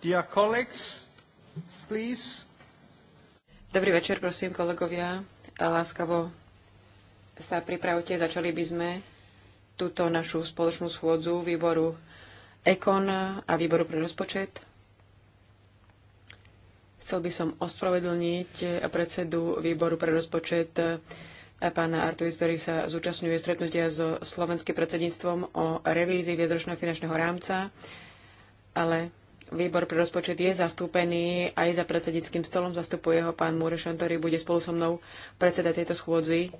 Dear colleagues, please. Dobrý večer, prosím, kolegovia. Láskavo sa pripravte. Začali by sme túto našu spoločnú schôdzu výboru EKON a výboru pre rozpočet. Chcel by som ospravedlniť predsedu výboru pre rozpočet pána Artuis, ktorý sa zúčastňuje stretnutia so slovenským predsedníctvom o revízii viedročného finančného rámca, ale Výbor pre rozpočet je zastúpený aj za predsedníckým stolom. Zastupuje ho pán Múrešan, ktorý bude spolu so mnou predseda tejto schôdzi.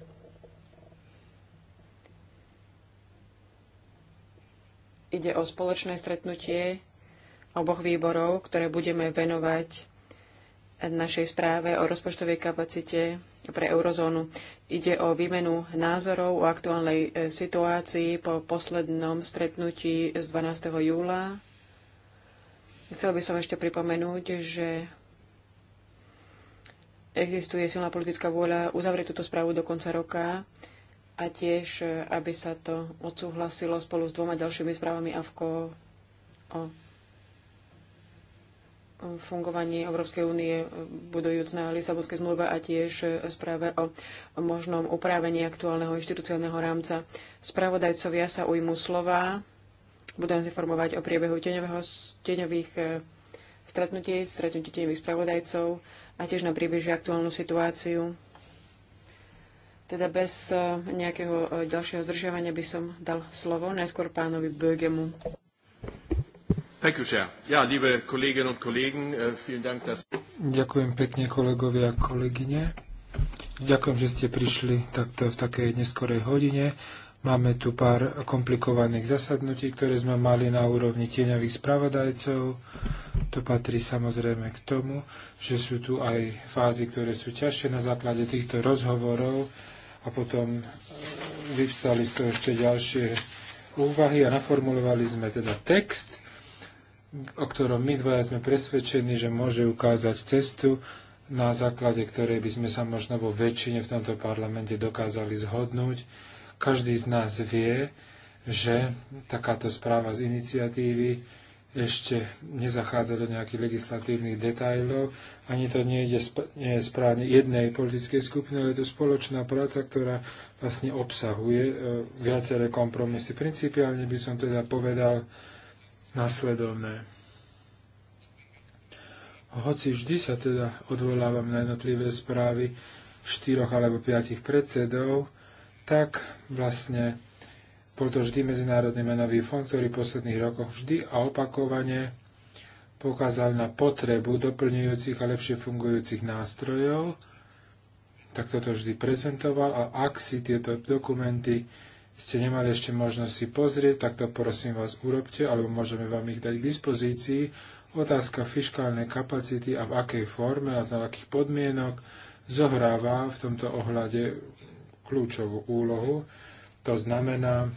Ide o spoločné stretnutie oboch výborov, ktoré budeme venovať našej správe o rozpočtovej kapacite pre eurozónu. Ide o výmenu názorov o aktuálnej e, situácii po poslednom stretnutí z 12. júla Chcel by som ešte pripomenúť, že existuje silná politická vôľa uzavrieť túto správu do konca roka a tiež, aby sa to odsúhlasilo spolu s dvoma ďalšími správami AVKO o fungovaní Európskej únie budujúc na Lisabonskej zmluve a tiež správe o možnom upravení aktuálneho inštitucionálneho rámca. Spravodajcovia sa ujmú slova. Budú nás informovať o priebehu teňových e, stretnutí, stretnutí teňových spravodajcov a tiež na priebeží aktuálnu situáciu. Teda bez e, nejakého e, ďalšieho zdržiavania by som dal slovo najskôr pánovi Bögemu. Äh, Ďakujem pekne kolegovia a kolegyne. Ďakujem, že ste prišli takto v takej neskorej hodine Máme tu pár komplikovaných zasadnutí, ktoré sme mali na úrovni tieňových spravodajcov. To patrí samozrejme k tomu, že sú tu aj fázy, ktoré sú ťažšie na základe týchto rozhovorov a potom eh, vyvstali z toho ešte ďalšie úvahy a naformulovali sme teda text, o ktorom my dvaja sme presvedčení, že môže ukázať cestu, na základe ktorej by sme sa možno vo väčšine v tomto parlamente dokázali zhodnúť každý z nás vie, že takáto správa z iniciatívy ešte nezachádza do nejakých legislatívnych detajlov, ani to nie, sp- nie je správne jednej politickej skupiny, ale je to spoločná práca, ktorá vlastne obsahuje e, viaceré kompromisy. Principiálne by som teda povedal nasledovné. Hoci vždy sa teda odvolávam na jednotlivé správy štyroch alebo piatich predsedov, tak vlastne bol to vždy Medzinárodný menový fond, ktorý v posledných rokoch vždy a opakovane pokázal na potrebu doplňujúcich a lepšie fungujúcich nástrojov, tak toto vždy prezentoval a ak si tieto dokumenty ste nemali ešte možnosť si pozrieť, tak to prosím vás urobte, alebo môžeme vám ich dať k dispozícii. Otázka fiskálnej kapacity a v akej forme a za akých podmienok zohráva v tomto ohľade kľúčovú úlohu. To znamená,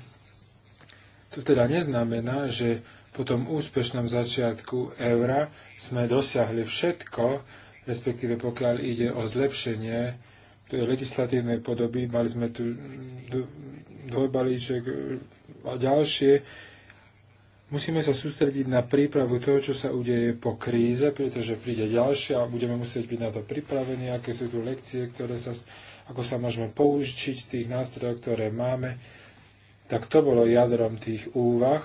to teda neznamená, že po tom úspešnom začiatku eura sme dosiahli všetko, respektíve pokiaľ ide o zlepšenie legislatívnej podoby, mali sme tu dvojbalíček a ďalšie, Musíme sa sústrediť na prípravu toho, čo sa udeje po kríze, pretože príde ďalšia a budeme musieť byť na to pripravení, aké sú tu lekcie, ktoré sa, ako sa môžeme použiť z tých nástrojov, ktoré máme. Tak to bolo jadrom tých úvah,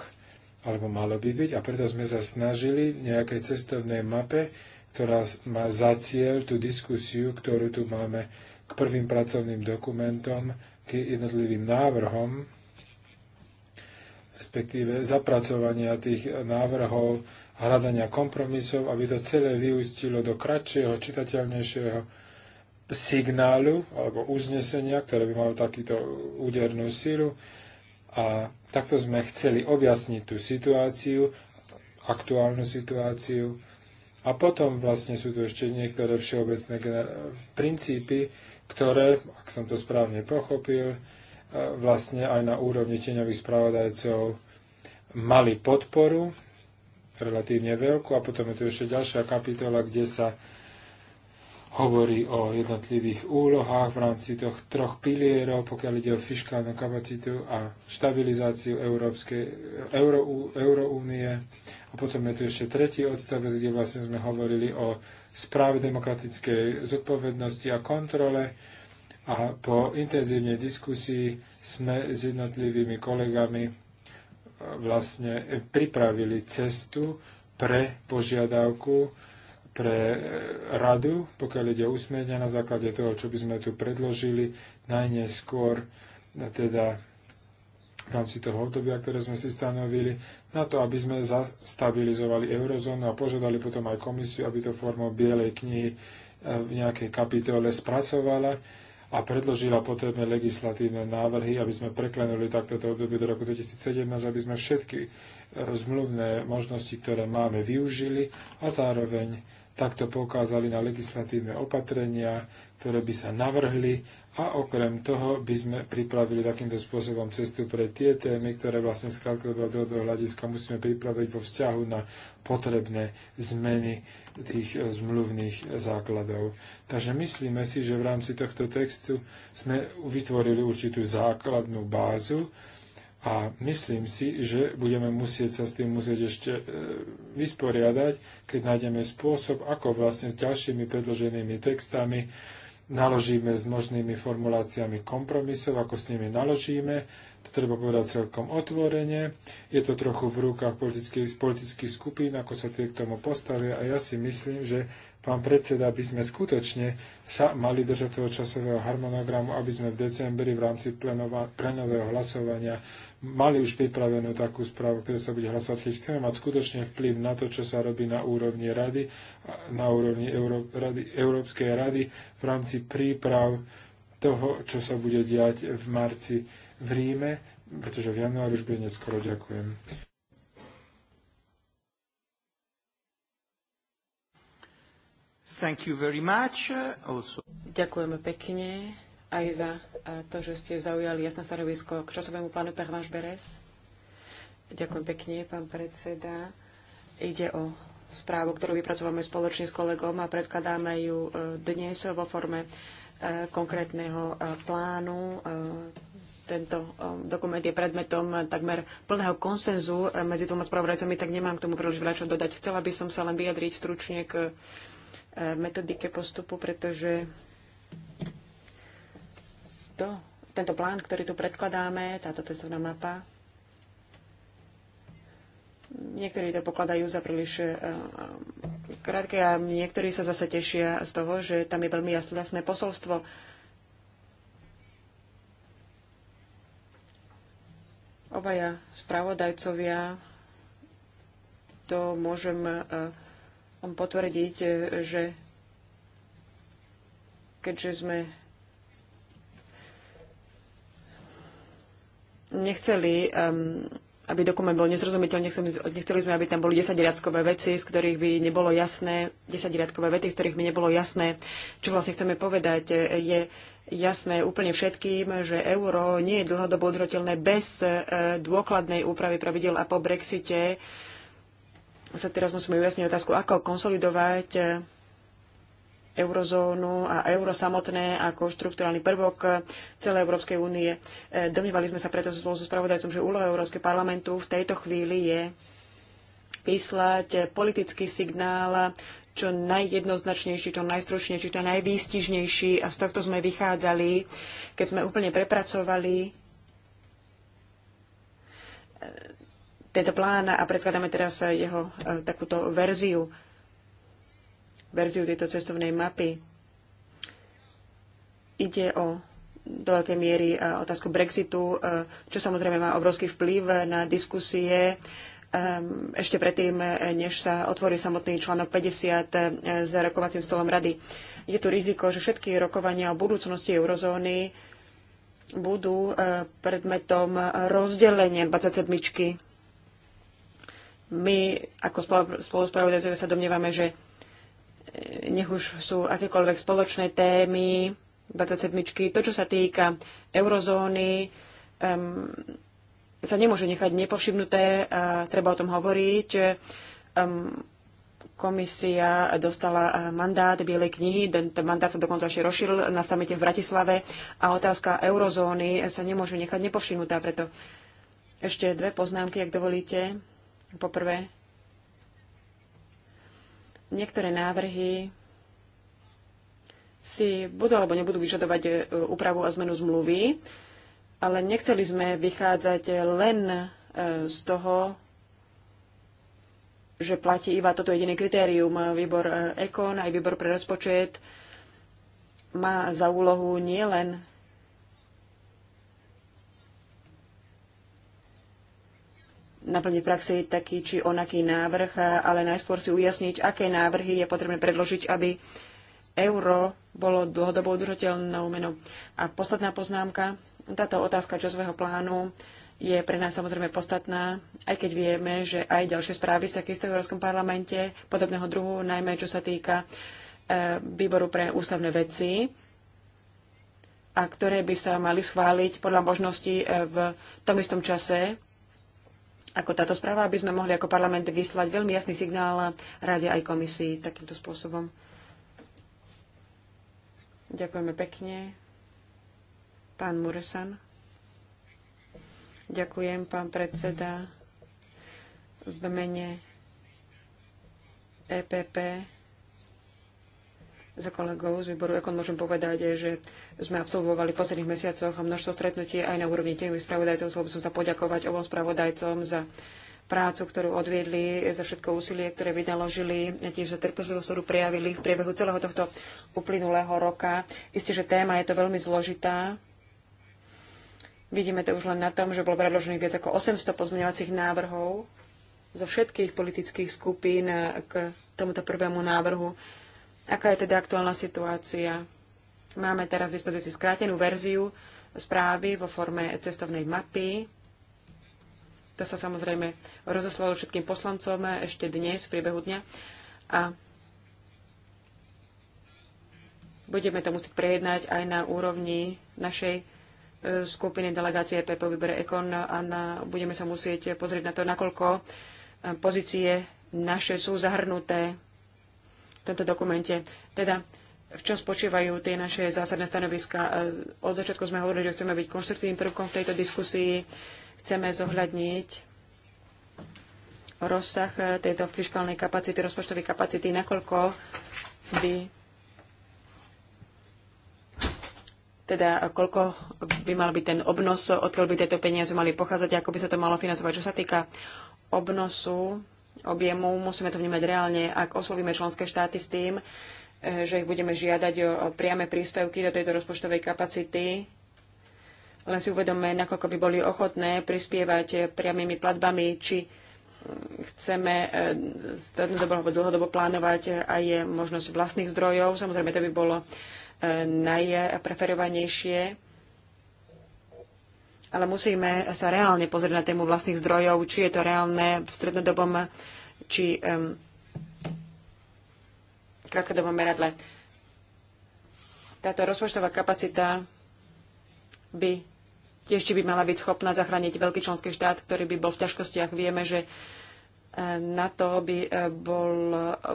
alebo malo by byť, a preto sme sa snažili v nejakej cestovnej mape, ktorá má za cieľ tú diskusiu, ktorú tu máme k prvým pracovným dokumentom, k jednotlivým návrhom respektíve zapracovania tých návrhov, hľadania kompromisov, aby to celé vyústilo do kratšieho, čitateľnejšieho signálu alebo uznesenia, ktoré by malo takýto údernú sílu. A takto sme chceli objasniť tú situáciu, aktuálnu situáciu. A potom vlastne sú tu ešte niektoré všeobecné princípy, ktoré, ak som to správne pochopil, vlastne aj na úrovni tieňových spravodajcov mali podporu, relatívne veľkú, a potom je tu ešte ďalšia kapitola, kde sa hovorí o jednotlivých úlohách v rámci toch troch pilierov, pokiaľ ide o fiskálnu kapacitu a stabilizáciu Európskej, Euro, Euroúnie. A potom je tu ešte tretí odstavec, kde vlastne sme hovorili o správe demokratickej zodpovednosti a kontrole a po intenzívnej diskusii sme s jednotlivými kolegami e, vlastne e, pripravili cestu pre požiadavku pre e, radu, pokiaľ ide o usmernenia na základe toho, čo by sme tu predložili, najneskôr teda v rámci toho obdobia, ktoré sme si stanovili, na to, aby sme zastabilizovali eurozónu a požiadali potom aj komisiu, aby to formou Bielej knihy v nejakej kapitole spracovala a predložila potrebné legislatívne návrhy, aby sme preklenuli takto obdobie do roku 2017, aby sme všetky zmluvné možnosti, ktoré máme, využili a zároveň takto poukázali na legislatívne opatrenia, ktoré by sa navrhli a okrem toho by sme pripravili takýmto spôsobom cestu pre tie témy, ktoré vlastne z krátkodobého dlhodobého hľadiska musíme pripraviť vo vzťahu na potrebné zmeny tých zmluvných základov. Takže myslíme si, že v rámci tohto textu sme vytvorili určitú základnú bázu, a myslím si, že budeme musieť sa s tým musieť ešte e, vysporiadať, keď nájdeme spôsob, ako vlastne s ďalšími predloženými textami naložíme s možnými formuláciami kompromisov, ako s nimi naložíme. To treba povedať celkom otvorene. Je to trochu v rukách politických, politických skupín, ako sa tie k tomu postavia. A ja si myslím, že pán predseda, aby sme skutočne sa mali držať toho časového harmonogramu, aby sme v decembri v rámci plenova, plenového hlasovania mali už pripravenú takú správu, ktorá sa bude hlasovať, keď chceme mať skutočne vplyv na to, čo sa robí na úrovni rady, na úrovni Euró- rady, Európskej rady v rámci príprav toho, čo sa bude diať v marci v Ríme, pretože v januári už bude neskoro. Ďakujem. Thank you very much. Also. Ďakujeme pekne aj za to, že ste zaujali jasné stanovisko k časovému plánu Pervaš Beres. Ďakujem pekne, pán predseda. Ide o správu, ktorú vypracovame spoločne s kolegom a predkladáme ju e, dnes vo forme e, konkrétneho e, plánu tento dokument je predmetom takmer plného konsenzu medzi dvoma spravodajcami, tak nemám k tomu príliš veľa čo dodať. Chcela by som sa len vyjadriť stručne k E, metodike postupu, pretože to, tento plán, ktorý tu predkladáme, táto testovná mapa, niektorí to pokladajú za príliš e, e, krátke a niektorí sa zase tešia z toho, že tam je veľmi jasné posolstvo. Obaja spravodajcovia to môžem potvrdiť, e, že keďže sme nechceli, aby dokument bol nezrozumiteľný, nechceli, sme, aby tam boli desaťriadkové veci, z ktorých by nebolo jasné, desaťriadkové vety, z ktorých by nebolo jasné, čo vlastne chceme povedať, e, je jasné úplne všetkým, že euro nie je dlhodobo udržateľné bez e, dôkladnej úpravy pravidel a po Brexite sa teraz musíme ujasniť otázku, ako konsolidovať eh, eurozónu a euro samotné ako štruktúrálny prvok eh, celej Európskej únie. Eh, domnívali sme sa preto spolu so spravodajcom, že úloha Európskeho parlamentu v tejto chvíli je vyslať politický signál čo najjednoznačnejší, čo najstručnejší, čo najvýstižnejší a z tohto sme vychádzali, keď sme úplne prepracovali tento plán a predkladáme teraz jeho e, takúto verziu, verziu tejto cestovnej mapy. Ide o do veľkej miery e, otázku Brexitu, e, čo samozrejme má obrovský vplyv na diskusie ešte predtým, než sa otvorí samotný článok 50 s rokovacím stolom rady. Je tu riziko, že všetky rokovania o budúcnosti eurozóny budú predmetom rozdelenia 27. My ako spoluspravodajcovia sa domnievame, že e, nech už sú akékoľvek spoločné témy 27. To, čo sa týka eurozóny, um, sa nemôže nechať nepovšimnuté, a treba o tom hovoriť. Um, komisia dostala e, mandát Bielej knihy, ten mandát sa dokonca ešte rozšíril na samite v Bratislave a otázka eurozóny sa nemôže nechať nepovšimnutá, preto ešte dve poznámky, ak dovolíte. Poprvé, niektoré návrhy si budú alebo nebudú vyžadovať e, úpravu a zmenu zmluvy, ale nechceli sme vychádzať len e, z toho, že platí iba toto jediné kritérium. Výbor e, EKON aj výbor pre rozpočet má za úlohu nielen naplniť praxi taký či onaký návrh, ale najskôr si ujasniť, aké návrhy je potrebné predložiť, aby euro bolo dlhodobo udržateľnou menou. A posledná poznámka, táto otázka časového plánu je pre nás samozrejme podstatná, aj keď vieme, že aj ďalšie správy sa chystajú v Európskom parlamente podobného druhu, najmä čo sa týka e, výboru pre ústavné veci, a ktoré by sa mali schváliť podľa možností e, v tom istom čase, ako táto správa, aby sme mohli ako parlament vyslať veľmi jasný signál rade aj komisii takýmto spôsobom. Ďakujeme pekne. Pán Muresan. Ďakujem, pán predseda. V mene EPP za kolegov z výboru ako môžem povedať, že sme absolvovali v posledných mesiacoch a množstvo stretnutí aj na úrovni tých spravodajcov. Chcel by som sa poďakovať obom spravodajcom za prácu, ktorú odviedli, za všetko úsilie, ktoré vynaložili, tiež za trpezlivosť, ktorú prejavili v priebehu celého tohto uplynulého roka. Isté, že téma je to veľmi zložitá. Vidíme to už len na tom, že bolo predložených viac ako 800 pozmeňovacích návrhov zo všetkých politických skupín k tomuto prvému návrhu. Aká je teda aktuálna situácia? Máme teraz v dispozícii skrátenú verziu správy vo forme cestovnej mapy. To sa samozrejme rozoslalo všetkým poslancom ešte dnes v priebehu dňa. A budeme to musieť prejednať aj na úrovni našej e, skupiny delegácie EP e Vybere Ekon a na, budeme sa musieť pozrieť na to, nakoľko e, pozície naše sú zahrnuté v tomto dokumente. Teda v čom spočívajú tie naše zásadné stanoviska. E, Od začiatku sme hovorili, že chceme byť konštruktívnym prvkom v tejto diskusii, chceme zohľadniť rozsah e, tejto fiskálnej kapacity, rozpočtovej kapacity, nakoľko by teda koľko by mal byť ten obnos, odkiaľ by tieto peniaze mali pochádzať, ako by sa to malo financovať. Čo sa týka obnosu, objemu, musíme to vnímať reálne. Ak oslovíme členské štáty s tým, E, že ich budeme žiadať o, o priame príspevky do tejto rozpočtovej kapacity. Len si uvedome, nakoľko by boli ochotné prispievať e, priamými platbami, či e, chceme z dlhodobo, dlhodobo plánovať aj možnosť vlastných zdrojov. Samozrejme, to by bolo najpreferovanejšie. Ale musíme sa reálne pozrieť na tému vlastných zdrojov, či je to reálne v strednodobom, či um, krátkodobom meradle. Táto rozpočtová kapacita by tiež by mala byť schopná zachrániť veľký členský štát, ktorý by bol v ťažkostiach. Vieme, že e, na to by e, bol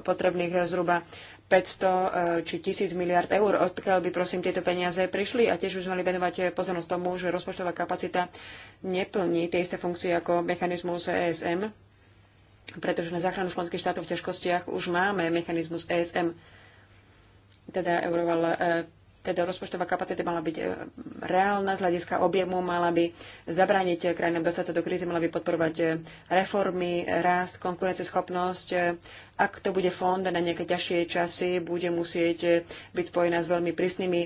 potrebných zhruba 500 e, či 1000 miliard eur. Odkiaľ by prosím tieto peniaze prišli a tiež by sme mali venovať pozornosť tomu, že rozpočtová kapacita neplní tie isté funkcie ako mechanizmus ESM pretože na záchranu členských štátov v ťažkostiach už máme mechanizmus ESM. Teda, Euroval, e, teda rozpočtová kapacita mala byť e, reálna z hľadiska objemu, mala by zabrániť krajinám dostať sa do krízy, mala by podporovať e, reformy, rást, konkurenceschopnosť. Ak to bude fond na nejaké ťažšie časy, bude musieť byť spojená s veľmi prísnymi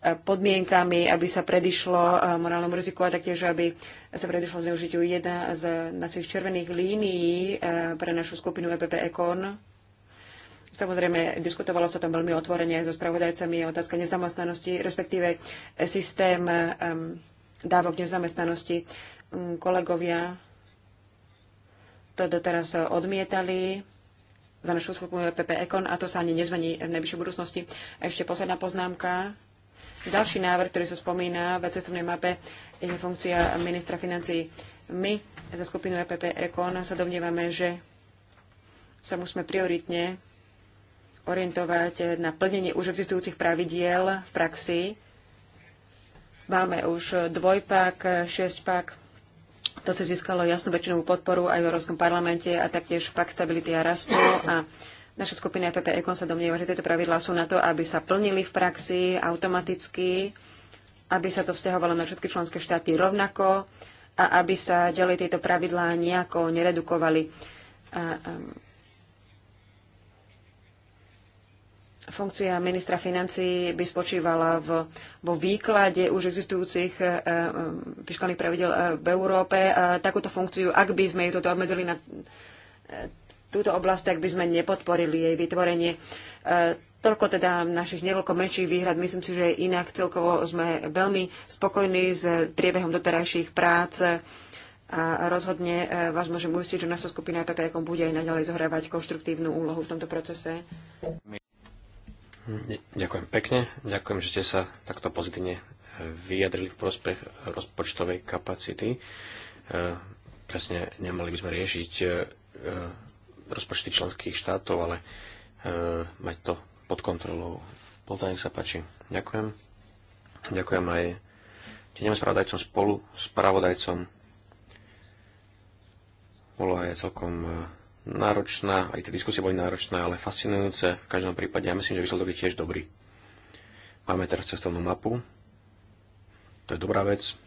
podmienkami, aby sa predišlo morálnom riziku a taktiež, aby sa predišlo zneužitiu. Jedna z našich červených línií eh, pre našu skupinu EPP Econ. Samozrejme, diskutovalo sa tam veľmi otvorene so spravodajcami otázka nezamestnanosti, respektíve systém dávok nezamestnanosti. Mm, kolegovia to doteraz odmietali za našu skupinu EPP Econ a to sa ani nezmení v najbližšej budúcnosti. A ešte posledná poznámka. Ďalší návrh, ktorý sa spomína v cestovnej mape, je funkcia ministra financí. My za skupinu EPP Econ sa domnievame, že sa musíme prioritne orientovať na plnenie už existujúcich pravidiel v praxi. Máme už dvojpak, šesťpak. To si získalo jasnú väčšinovú podporu aj v Európskom parlamente a taktiež pak stability a rastu. A naša skupina EPP Ekon sa domnieva, že tieto pravidlá sú na to, aby sa plnili v praxi automaticky aby sa to vzťahovalo na všetky členské štáty rovnako a aby sa ďalej tieto pravidlá nejako neredukovali. A, a, um, funkcia ministra financí by spočívala v, vo výklade už existujúcich e, e, fiskálnych pravidel e, v Európe. E, takúto funkciu, ak by sme ju toto obmedzili na e, túto oblasť, tak by sme nepodporili jej vytvorenie. E, Toľko teda našich niekoľko menších výhrad. Myslím si, že inak celkovo sme veľmi spokojní s priebehom doterajších prác a rozhodne e, vás môžem uistiť, že naša skupina EPP bude aj naďalej zohrávať konštruktívnu úlohu v tomto procese. Hm, ďakujem pekne. Ďakujem, že ste sa takto pozitívne e, vyjadrili v prospech rozpočtovej kapacity. E, presne nemali by sme riešiť rozpočty členských štátov, ale mať to pod kontrolou. Polta, nech sa páči. Ďakujem. Ďakujem aj teniem spravodajcom spolu, spravodajcom. Bolo aj celkom e, náročná, aj tie diskusie boli náročné, ale fascinujúce v každom prípade. Ja myslím, že výsledok je tiež dobrý. Máme teraz cestovnú mapu. To je dobrá vec.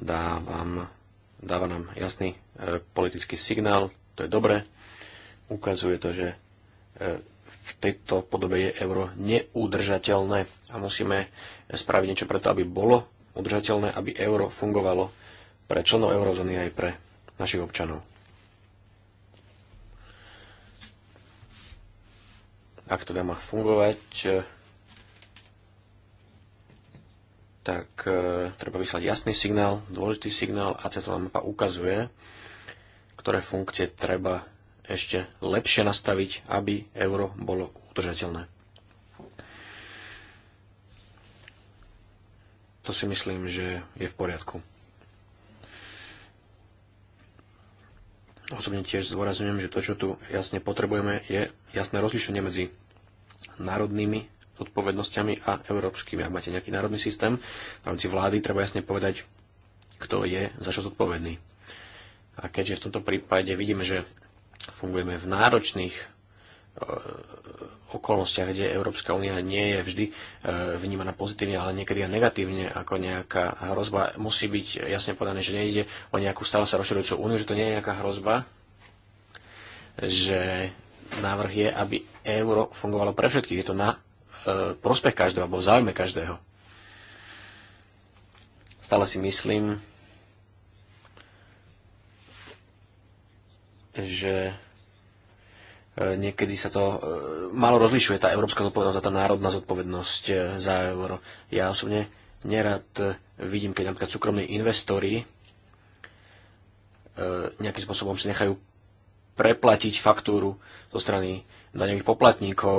Dá, vám, dáva nám jasný e, politický signál. To je dobré. Ukazuje to, že e, v tejto podobe je euro neudržateľné a musíme spraviť niečo preto, aby bolo udržateľné, aby euro fungovalo pre členov eurozóny aj pre našich občanov. Ak teda má fungovať, tak e, treba vyslať jasný signál, dôležitý signál a cestovná mapa ukazuje, ktoré funkcie treba ešte lepšie nastaviť, aby euro bolo udržateľné. To si myslím, že je v poriadku. Osobne tiež zdôrazňujem, že to, čo tu jasne potrebujeme, je jasné rozlišenie medzi národnými odpovednosťami a európskymi. Ak máte nejaký národný systém, v rámci vlády treba jasne povedať, kto je za čo zodpovedný. A keďže v tomto prípade vidíme, že fungujeme v náročných e, okolnostiach, kde Európska únia nie je vždy e, vnímaná pozitívne, ale niekedy aj negatívne ako nejaká hrozba. Musí byť jasne podané, že nejde o nejakú stále sa rozširujúcu úniu, že to nie je nejaká hrozba, že návrh je, aby euro fungovalo pre všetkých. Je to na e, prospech každého alebo v záujme každého. Stále si myslím, že e, niekedy sa to e, malo rozlišuje tá európska zodpovednosť a tá národná zodpovednosť e, za euro. Ja osobne nerad vidím, keď napríklad súkromní investori nejakým spôsobom si nechajú preplatiť faktúru zo strany daňových poplatníkov.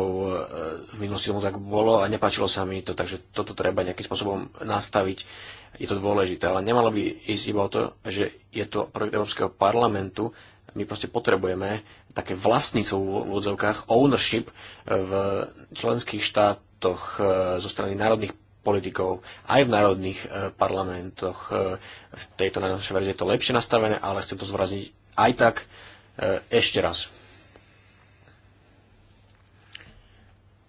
V minulosti tomu tak bolo a nepáčilo sa mi to, takže toto treba nejakým spôsobom nastaviť. Je to dôležité, ale nemalo by ísť iba o to, že je to projekt Európskeho parlamentu my proste potrebujeme také vlastníctvo v úvodzovkách, ownership e, v členských štátoch e, zo strany národných politikov aj v národných e, parlamentoch. V tejto najnovšej verzii je to lepšie nastavené, ale chcem to zvrazniť aj tak ešte raz.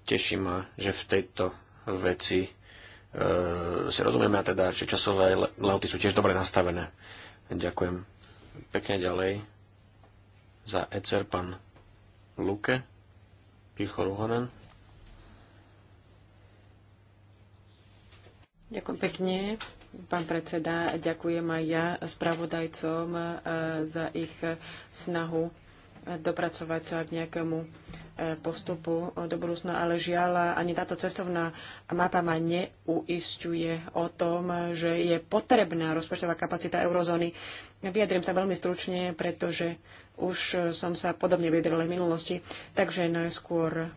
Teší ma, že v tejto veci si rozumieme a teda, že časové lehoty sú tiež dobre nastavené. Ďakujem pekne ďalej za ECR pán Luke, Pichoruhonen. Ďakujem pekne, pán predseda. Ďakujem aj ja spravodajcom eh, za ich snahu eh, dopracovať sa k nejakému postupu do budúcna, ale žiaľ, ani táto cestovná mapa ma neuisťuje o tom, že je potrebná rozpočtová kapacita eurozóny. Vyjadrím sa veľmi stručne, pretože už som sa podobne vyjadrila v minulosti, takže najskôr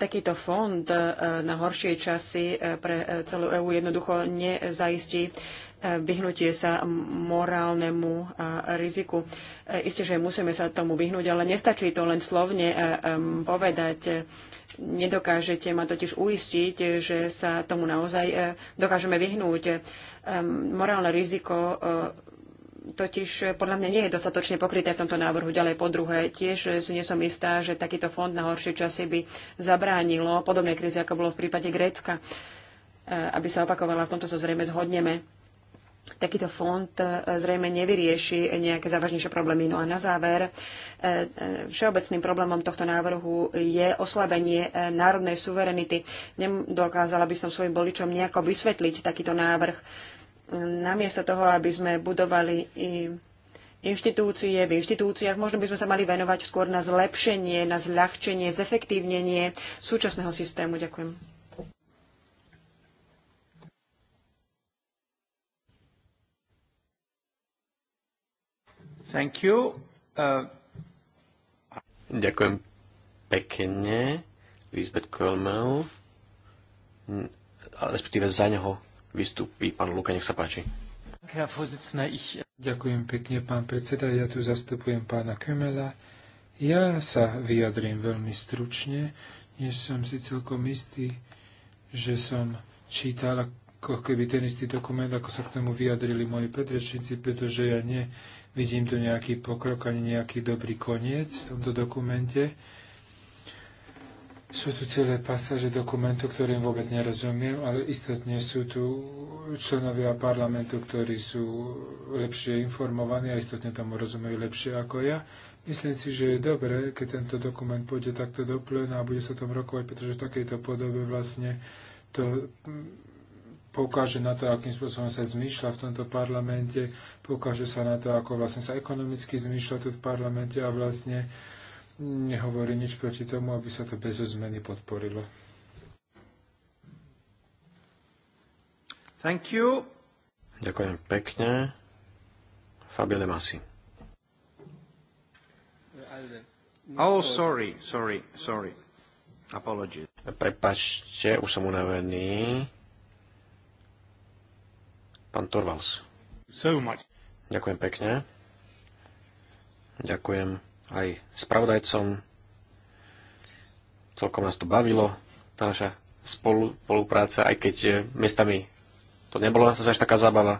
takýto fond eh, na horšie časy eh, pre eh, celú EÚ jednoducho nezaistí vyhnutie sa morálnemu riziku. E, isté, že musíme sa tomu vyhnúť, ale nestačí to len slovne e, povedať. Nedokážete ma totiž uistiť, že sa tomu naozaj e, dokážeme vyhnúť. Morálne riziko totiž podľa mňa nie je dostatočne pokryté v tomto návrhu. Ďalej po druhé, tiež nie som istá, že takýto fond na horšie časy by zabránilo podobnej kríze, ako bolo v prípade Grécka, aby sa opakovala. V tomto sa zrejme zhodneme takýto fond e, zrejme nevyrieši nejaké závažnejšie problémy. No a na záver, e, e, všeobecným problémom tohto návrhu je oslabenie národnej suverenity. Nedokázala by som svojim boličom nejako vysvetliť takýto návrh. Namiesto toho, aby sme budovali i inštitúcie v inštitúciách, možno by sme sa mali venovať skôr na zlepšenie, na zľahčenie, zefektívnenie súčasného systému. Ďakujem. Thank you. Uh... Ďakujem pekne. Lisbeth Kölmel. Respektíve za neho vystúpi pán Luka, nech sa páči. Ďakujem pekne, pán predseda. Ja tu zastupujem pána Kömela. Ja sa vyjadrím veľmi stručne, Nie som si celkom istý, že som čítala ako keby ten istý dokument, ako sa k tomu vyjadrili moji predrečníci, pretože ja nevidím tu nejaký pokrok ani nejaký dobrý koniec v tomto dokumente. Sú tu celé pasáže dokumentu, ktorým vôbec nerozumiem, ale istotne sú tu členovia parlamentu, ktorí sú lepšie informovaní a istotne tomu rozumejú lepšie ako ja. Myslím si, že je dobré, keď tento dokument pôjde takto do plena a bude sa tom rokovať, pretože v takejto podobe vlastne to poukáže na to, akým spôsobom sa zmýšľa v tomto parlamente, poukáže sa na to, ako vlastne sa ekonomicky zmýšľa tu v parlamente a vlastne nehovorí nič proti tomu, aby sa to bez zmeny podporilo. Thank you. Ďakujem pekne. Fabio Masi. Oh, sorry, sorry, sorry. Apologies. Prepačte, už som unavený. Pán Torvals. Ďakujem pekne. Ďakujem aj spravodajcom. Celkom nás to bavilo, tá naša spolu, spolupráca, aj keď eh, miestami to nebolo zase až taká zábava.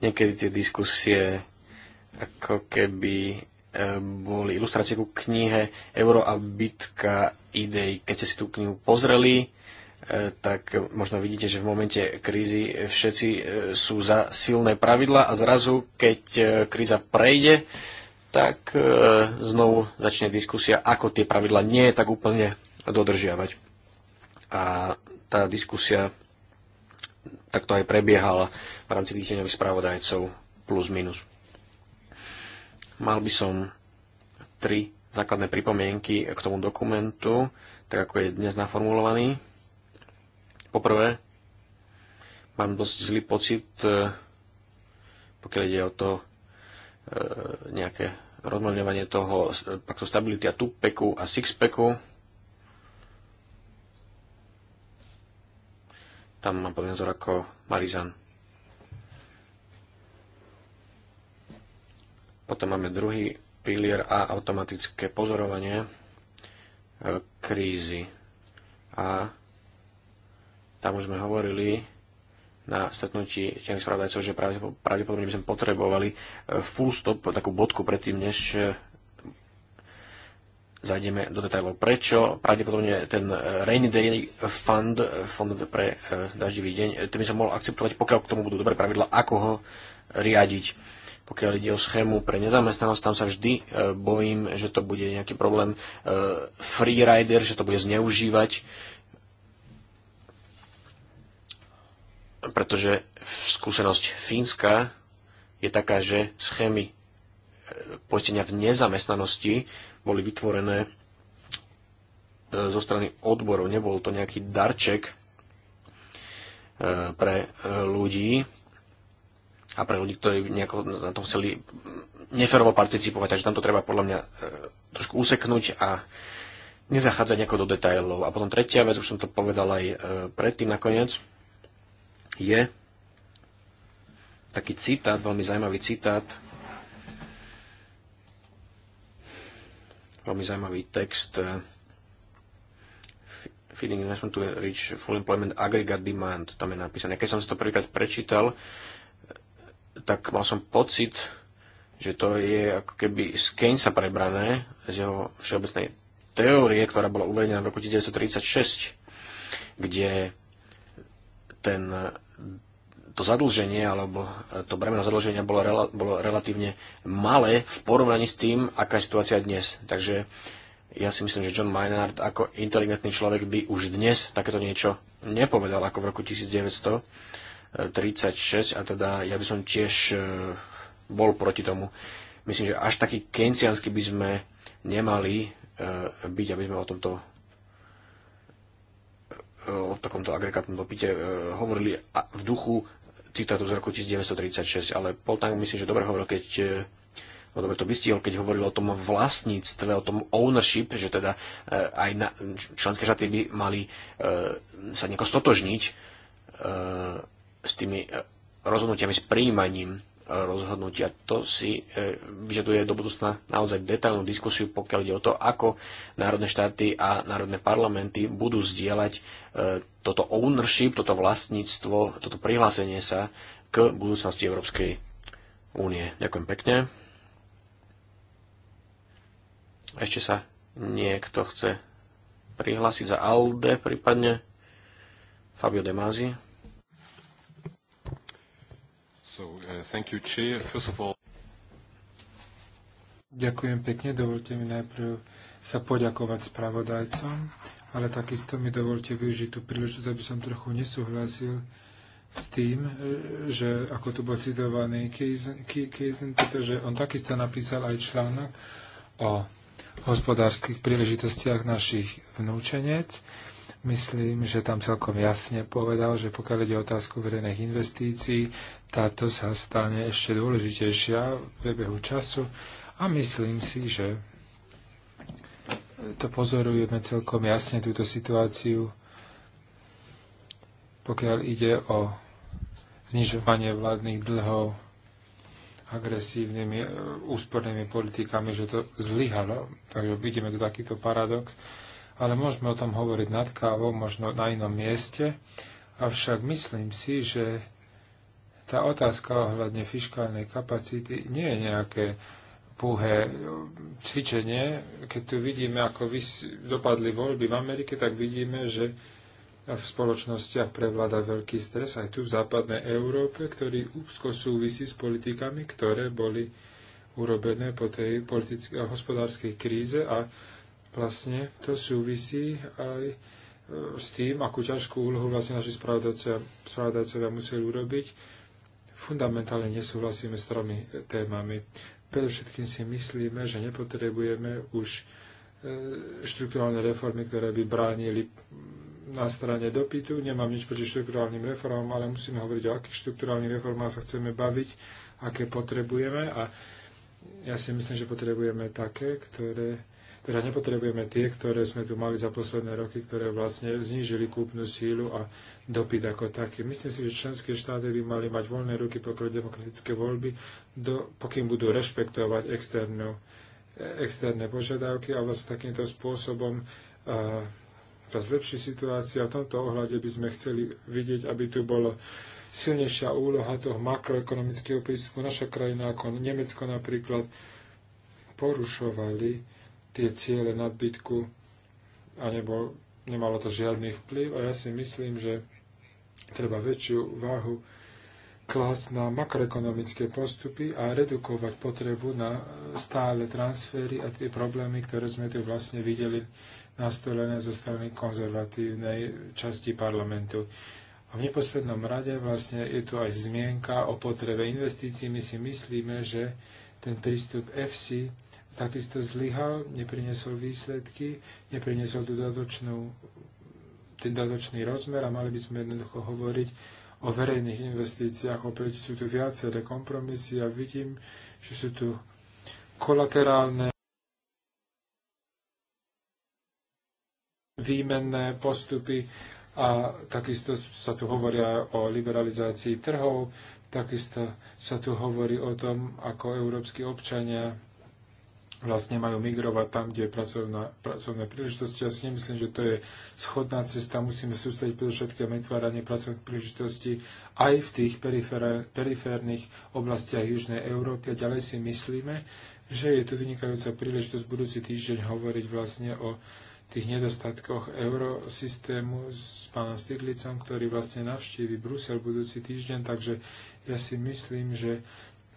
Niekedy tie diskusie ako keby eh, boli ilustrácie ku knihe Euro a bitka idei. Keď ste si tú knihu pozreli, E, tak možno vidíte, že v momente krízy všetci e, sú za silné pravidla a zrazu, keď e, kríza prejde, tak znovu začne diskusia, ako tie pravidla nie je tak úplne dodržiavať. A tá diskusia takto aj prebiehala v rámci tých správodajcov spravodajcov plus minus. Mal by som tri základné pripomienky k tomu dokumentu, tak ako je dnes naformulovaný. Poprvé, mám dosť zlý pocit, e, pokiaľ ide o to e, nejaké rozmoľňovanie toho e, paktu stability a tupeku a sixpeku. Tam mám podľa názor ako Marizan. Potom máme druhý pilier a automatické pozorovanie krízy. A tam už sme hovorili na stretnutí tieňových spravodajcov, že pravdepodobne by sme potrebovali e, full stop, takú bodku predtým, než e, zajdeme do detajlov. Prečo? Pravdepodobne ten e, Rainy Day Fund, fond pre daždivý deň, ten by som mohol akceptovať, pokiaľ k tomu budú dobré pravidla, ako ho riadiť. Pokiaľ ide o schému pre nezamestnanosť, tam sa vždy bojím, že to bude nejaký problém freerider, že to bude zneužívať pretože skúsenosť Fínska je taká, že schémy e, poistenia v nezamestnanosti boli vytvorené e, zo strany odborov. Nebol to nejaký darček e, pre ľudí a pre ľudí, ktorí nejako na tom chceli neferovo participovať, takže tam to treba podľa mňa trošku useknúť a nezachádzať nejako do detajlov. A potom tretia vec, už som to povedal aj predtým nakoniec, je taký citát, veľmi zaujímavý citát, veľmi zaujímavý text eh, Feeding Investment to Reach Full Employment Aggregate Demand, tam je napísané. Keď som si to prvýkrát prečítal, eh, tak mal som pocit, že to je ako keby z Keynesa prebrané, z jeho všeobecnej teórie, ktorá bola uvedená v roku 1936, kde ten eh, to zadlženie alebo to bremeno zadlženia bolo, rela, bolo relatívne malé v porovnaní s tým, aká je situácia dnes. Takže ja si myslím, že John Maynard ako inteligentný človek by už dnes takéto niečo nepovedal ako v roku 1936 eh, a teda ja by som tiež eh, bol proti tomu. Myslím, že až taký kenciansky by sme nemali eh, byť, aby sme o tomto E, o takomto agregátnom dopite e, hovorili v duchu citátu z roku 1936, ale Poltang myslím, že dobre hovoril, keď e, no dobre to vystihol, keď hovoril o tom vlastníctve, o tom ownership, že teda aj na, členské štáty by mali sa nieko stotožniť s tými rozhodnutiami, s príjmaním rozhodnutia. To si e, vyžaduje do budúcna naozaj detailnú diskusiu, pokiaľ ide o to, ako národné štáty a národné parlamenty budú zdieľať e, toto ownership, toto vlastníctvo, toto prihlásenie sa k budúcnosti Európskej únie. Ďakujem pekne. Ešte sa niekto chce prihlásiť za ALDE prípadne. Fabio De Masi. Uh, Ďakujem pekne. Dovolte mi najprv sa poďakovať spravodajcom, ale takisto mi dovolte využiť tú príležitosť, aby som trochu nesúhlasil s tým, e, že ako tu bol citovaný Kejzen, pretože on takisto napísal aj článok o hospodárskych príležitostiach našich vnúčenec Myslím, že tam celkom jasne povedal, že pokiaľ ide o otázku verejných investícií, táto sa stane ešte dôležitejšia v priebehu času a myslím si, že to pozorujeme celkom jasne túto situáciu, pokiaľ ide o znižovanie vládnych dlhov agresívnymi e, úspornými politikami, že to zlyhalo. Takže vidíme tu takýto paradox ale môžeme o tom hovoriť nad kávou, možno na inom mieste. Avšak myslím si, že tá otázka ohľadne fiskálnej kapacity nie je nejaké púhé cvičenie. Keď tu vidíme, ako dopadli voľby v Amerike, tak vidíme, že v spoločnostiach prevláda veľký stres aj tu v západnej Európe, ktorý úzko súvisí s politikami, ktoré boli urobené po tej politickej a hospodárskej kríze a vlastne to súvisí aj e, s tým, akú ťažkú úlohu vlastne naši spravodajcovia museli urobiť. Fundamentálne nesúhlasíme s tromi e, témami. Predovšetkým si myslíme, že nepotrebujeme už e, štruktúrálne reformy, ktoré by bránili na strane dopytu. Nemám nič proti štruktúrálnym reformám, ale musíme hovoriť o akých štruktúrálnych reformách sa chceme baviť, aké potrebujeme. A ja si myslím, že potrebujeme také, ktoré teda nepotrebujeme tie, ktoré sme tu mali za posledné roky, ktoré vlastne znížili kúpnu sílu a dopyt ako taký. Myslím si, že členské štáty by mali mať voľné ruky pokiaľ demokratické voľby, do, pokým budú rešpektovať externú, externé požiadavky a vlastne takýmto spôsobom a, to zlepší situácia. V tomto ohľade by sme chceli vidieť, aby tu bolo silnejšia úloha toho makroekonomického prístupu. Naša krajina ako Nemecko napríklad porušovali tie ciele nadbytku a nebol, nemalo to žiadny vplyv a ja si myslím, že treba väčšiu váhu klásť na makroekonomické postupy a redukovať potrebu na stále transfery a tie problémy, ktoré sme tu vlastne videli nastolené zo strany konzervatívnej časti parlamentu. A v neposlednom rade vlastne je tu aj zmienka o potrebe investícií. My si myslíme, že ten prístup FC takisto zlyhal, neprinesol výsledky, neprinesol dodatočnú, ten dodatočný rozmer a mali by sme jednoducho hovoriť o verejných investíciách. Opäť sú tu viaceré kompromisy a vidím, že sú tu kolaterálne výmenné postupy a takisto sa tu hovoria o liberalizácii trhov, takisto sa tu hovorí o tom, ako európsky občania vlastne majú migrovať tam, kde je pracovná, pracovné príležitosti. Ja si nemyslím, že to je schodná cesta. Musíme sústrediť predovšetkým vytváranie pracovných príležitostí aj v tých periférnych oblastiach Južnej Európy. A ďalej si myslíme, že je tu vynikajúca príležitosť budúci týždeň hovoriť vlastne o tých nedostatkoch eurosystému s pánom Stiglicom, ktorý vlastne navštívi Brusel budúci týždeň, takže ja si myslím, že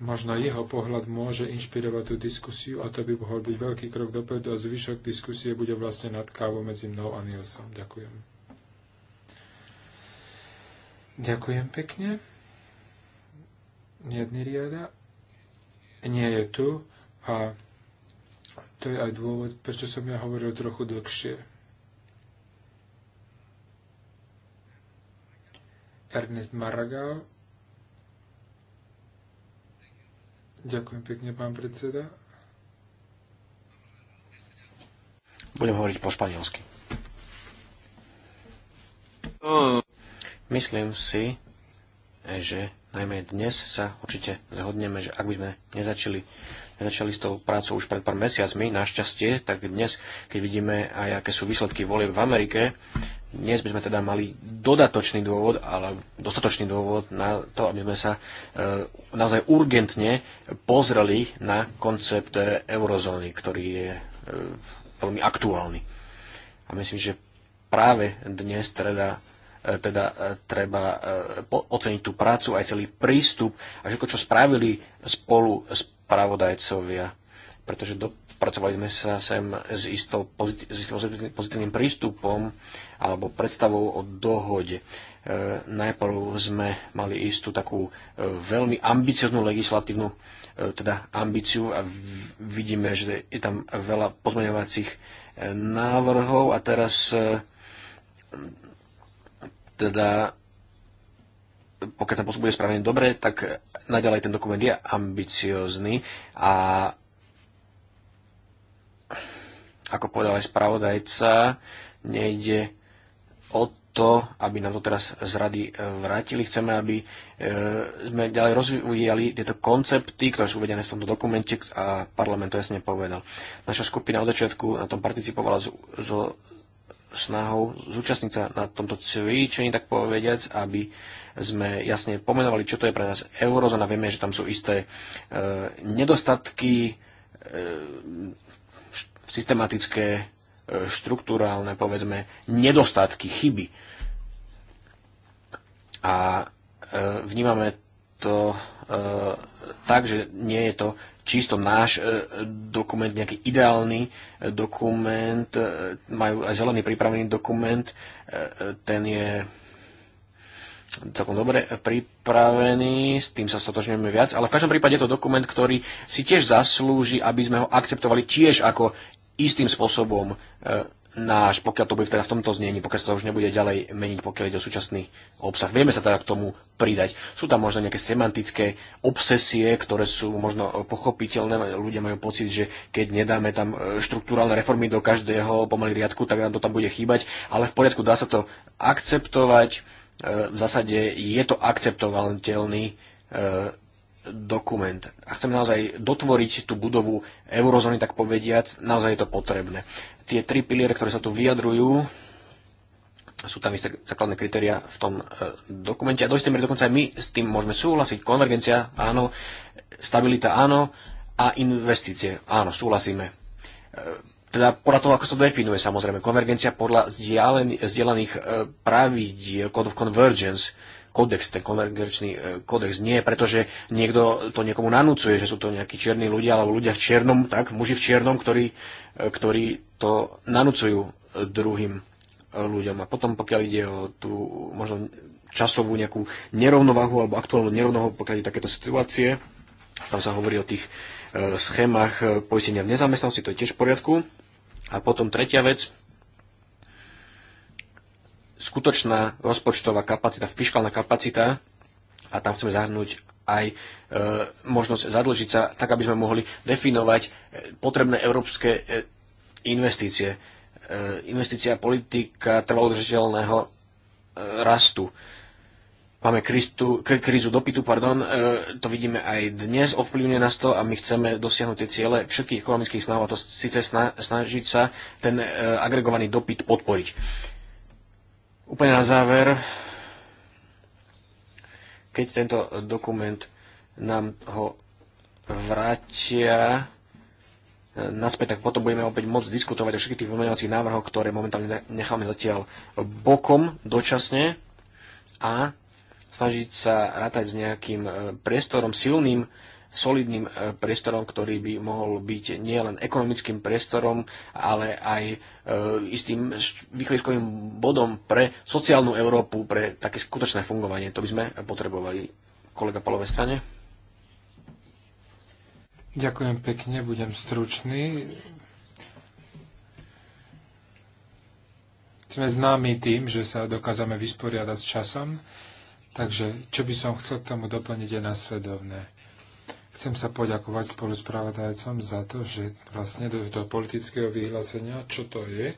možno jeho pohľad môže inšpirovať tú diskusiu a to by mohol byť veľký krok dopredu a zvyšok diskusie bude vlastne nad kávou medzi mnou a Nilsom. Ďakujem. Ďakujem pekne. Jedný riada nie je tu a to je aj dôvod, prečo som ja hovoril trochu dlhšie. Ernest Maragall Ďakujem pekne, pán predseda. Budem hovoriť po španielsky. Myslím si, že najmä dnes sa určite zhodneme, že ak by sme nezačali, nezačali s tou prácou už pred pár mesiacmi, našťastie, tak dnes, keď vidíme aj aké sú výsledky volieb v Amerike, dnes by sme teda mali dodatočný dôvod, ale dostatočný dôvod na to, aby sme sa e, naozaj urgentne pozreli na koncept e, eurozóny, ktorý je e, veľmi aktuálny. A myslím, že práve dnes teda, teda treba oceniť tú prácu, aj celý prístup a všetko, čo spravili spolu spravodajcovia. Pretože do Pracovali sme sa sem s, istou pozit- pozitívnym prístupom alebo predstavou o dohode. E, najprv sme mali istú takú e, veľmi ambicioznú legislatívnu e, teda ambíciu a vidíme, že je tam veľa pozmeňovacích e, návrhov a teraz e, teda pokiaľ sa postupuje správne dobre, tak naďalej ten dokument je ambiciózny a ako povedal aj spravodajca, nejde o to, aby nám to teraz z rady e, vrátili. Chceme, aby e, sme ďalej rozvíjali tieto koncepty, ktoré sú uvedené v tomto dokumente a parlament to jasne povedal. Naša skupina od začiatku na tom participovala so snahou zúčastniť sa na tomto cvičení, tak povediac, aby sme jasne pomenovali, čo to je pre nás eurozóna. Vieme, že tam sú isté e, nedostatky, e, systematické e, štruktúrálne, povedzme, nedostatky, chyby. A e, vnímame to e, tak, že nie je to čisto náš dokument, nejaký ideálny dokument, majú aj zelený pripravený dokument, ten je celkom dobre pripravený, s tým sa stotožňujeme viac, ale v každom prípade je to dokument, ktorý si tiež zaslúži, aby sme ho akceptovali tiež ako istým spôsobom e, náš, pokiaľ to bude teda v tomto znení, pokiaľ sa to už nebude ďalej meniť, pokiaľ ide o súčasný obsah. Vieme sa teda k tomu pridať. Sú tam možno nejaké semantické obsesie, ktoré sú možno pochopiteľné. Ľudia majú pocit, že keď nedáme tam e, štruktúralne reformy do každého pomaly riadku, tak nám to tam bude chýbať. Ale v poriadku, dá sa to akceptovať. E, v zásade je to akceptovateľný dokument. A chceme naozaj dotvoriť tú budovu eurozóny, tak povediac, naozaj je to potrebné. Tie tri piliere, ktoré sa tu vyjadrujú, sú tam isté základné kritéria v tom e, dokumente a do istej dokonca aj my s tým môžeme súhlasiť. Konvergencia, áno, stabilita, áno a investície, áno, súhlasíme. E, teda podľa toho, ako sa to definuje samozrejme. Konvergencia podľa zdieľaných e, pravidiel, code of convergence, kodex, ten konvergenčný e, kodex. Nie, pretože niekto to niekomu nanúcuje, že sú to nejakí čierni ľudia alebo ľudia v čiernom, tak, muži v čiernom, ktorí, e, ktorí to nanúcujú e, druhým ľuďom. A potom, pokiaľ ide o tú možno časovú nejakú nerovnováhu alebo aktuálnu nerovnováhu, pokiaľ ide takéto situácie, tam sa hovorí o tých schémach poistenia v nezamestnanosti, to je tiež v poriadku. A potom tretia vec, skutočná rozpočtová kapacita, fiskálna kapacita a tam chceme zahrnúť aj e, možnosť zadlžiť sa tak, aby sme mohli definovať e, potrebné európske e, investície. E, investícia politika trvalodržiteľného e, rastu. Máme kristu, krízu dopytu, pardon, e, to vidíme aj dnes, ovplyvňuje nás to a my chceme dosiahnuť tie ciele všetkých ekonomických snah, a to síce sna- snažiť sa ten e, agregovaný dopyt podporiť. Úplne na záver, keď tento dokument nám ho vrátia e, naspäť, tak potom budeme opäť môcť diskutovať o všetkých tých vymenovacích návrhoch, ktoré momentálne necháme zatiaľ bokom dočasne a snažiť sa rátať s nejakým e, priestorom silným, solidným e, priestorom, ktorý by mohol byť nielen ekonomickým priestorom, ale aj e, istým východiskovým bodom pre sociálnu Európu, pre také skutočné fungovanie. To by sme potrebovali. Kolega Palové strane. Ďakujem pekne, budem stručný. Sme známi tým, že sa dokázame vysporiadať s časom, takže čo by som chcel k tomu doplniť je nasledovné. Chcem sa poďakovať pravodajcom za to, že vlastne do, do politického vyhlásenia, čo to je,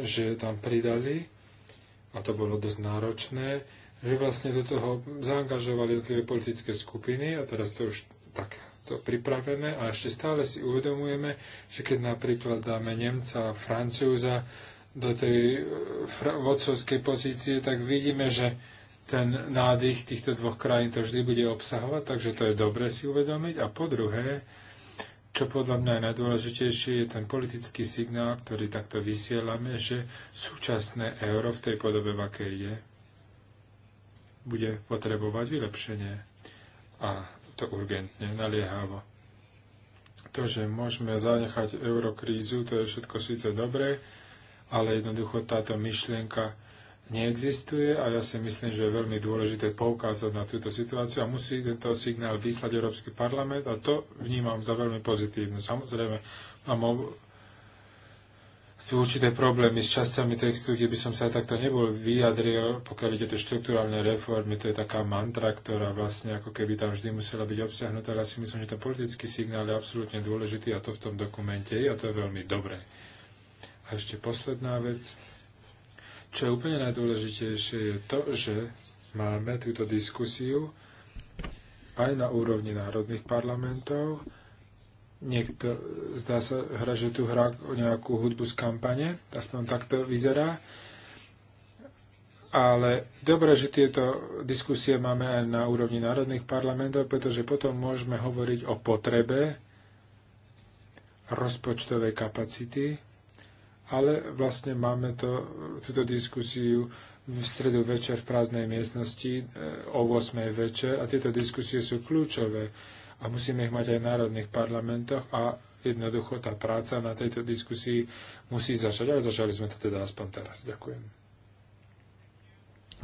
že tam pridali, a to bolo dosť náročné, že vlastne do toho zaangažovali jednotlivé politické skupiny a teraz to už tak to pripravené a ešte stále si uvedomujeme, že keď napríklad dáme Nemca a Francúza do tej eh, vodcovskej pozície, tak vidíme, že ten nádych týchto dvoch krajín to vždy bude obsahovať, takže to je dobre si uvedomiť. A po druhé, čo podľa mňa je najdôležitejšie, je ten politický signál, ktorý takto vysielame, že súčasné euro v tej podobe, v akej je, bude potrebovať vylepšenie. A to urgentne, naliehavo. To, že môžeme zanechať eurokrízu, to je všetko síce dobré, ale jednoducho táto myšlienka neexistuje a ja si myslím, že je veľmi dôležité poukázať na túto situáciu a musí tento signál vyslať Európsky parlament a to vnímam za veľmi pozitívne. Samozrejme, mám sú určité problémy s časťami textu, kde by som sa takto nebol vyjadril, pokiaľ ide o štruktúralne reformy, to je taká mantra, ktorá vlastne ako keby tam vždy musela byť obsiahnutá. Ja si myslím, že ten politický signál je absolútne dôležitý a to v tom dokumente je a to je veľmi dobré. A ešte posledná vec. Čo je úplne najdôležitejšie je to, že máme túto diskusiu aj na úrovni národných parlamentov. Niekto, zdá sa, hra, že tu hrá o nejakú hudbu z kampane, aspoň takto vyzerá. Ale dobre, že tieto diskusie máme aj na úrovni národných parlamentov, pretože potom môžeme hovoriť o potrebe rozpočtovej kapacity ale vlastne máme to, túto diskusiu v stredu večer v prázdnej miestnosti e, o 8. večer a tieto diskusie sú kľúčové a musíme ich mať aj v národných parlamentoch a jednoducho tá práca na tejto diskusii musí začať, ale začali sme to teda aspoň teraz. Ďakujem.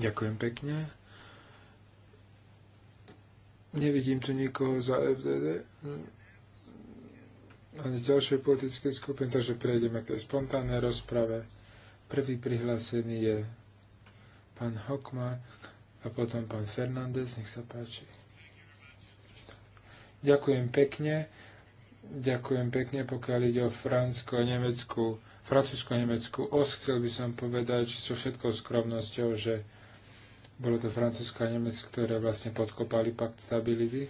Ďakujem pekne. Nevidím tu nikoho za FDD z ďalšej politickej skupiny, takže prejdeme k tej spontánnej rozprave. Prvý prihlásený je pán Hokmar a potom pán Fernández, nech sa páči. Ďakujem pekne. Ďakujem pekne, pokiaľ ide o Francko-Nemeckú, francúzsko Nemecku os. Chcel by som povedať so všetkou skromnosťou, že bolo to Francúzsko a Nemecko, ktoré vlastne podkopali pakt stability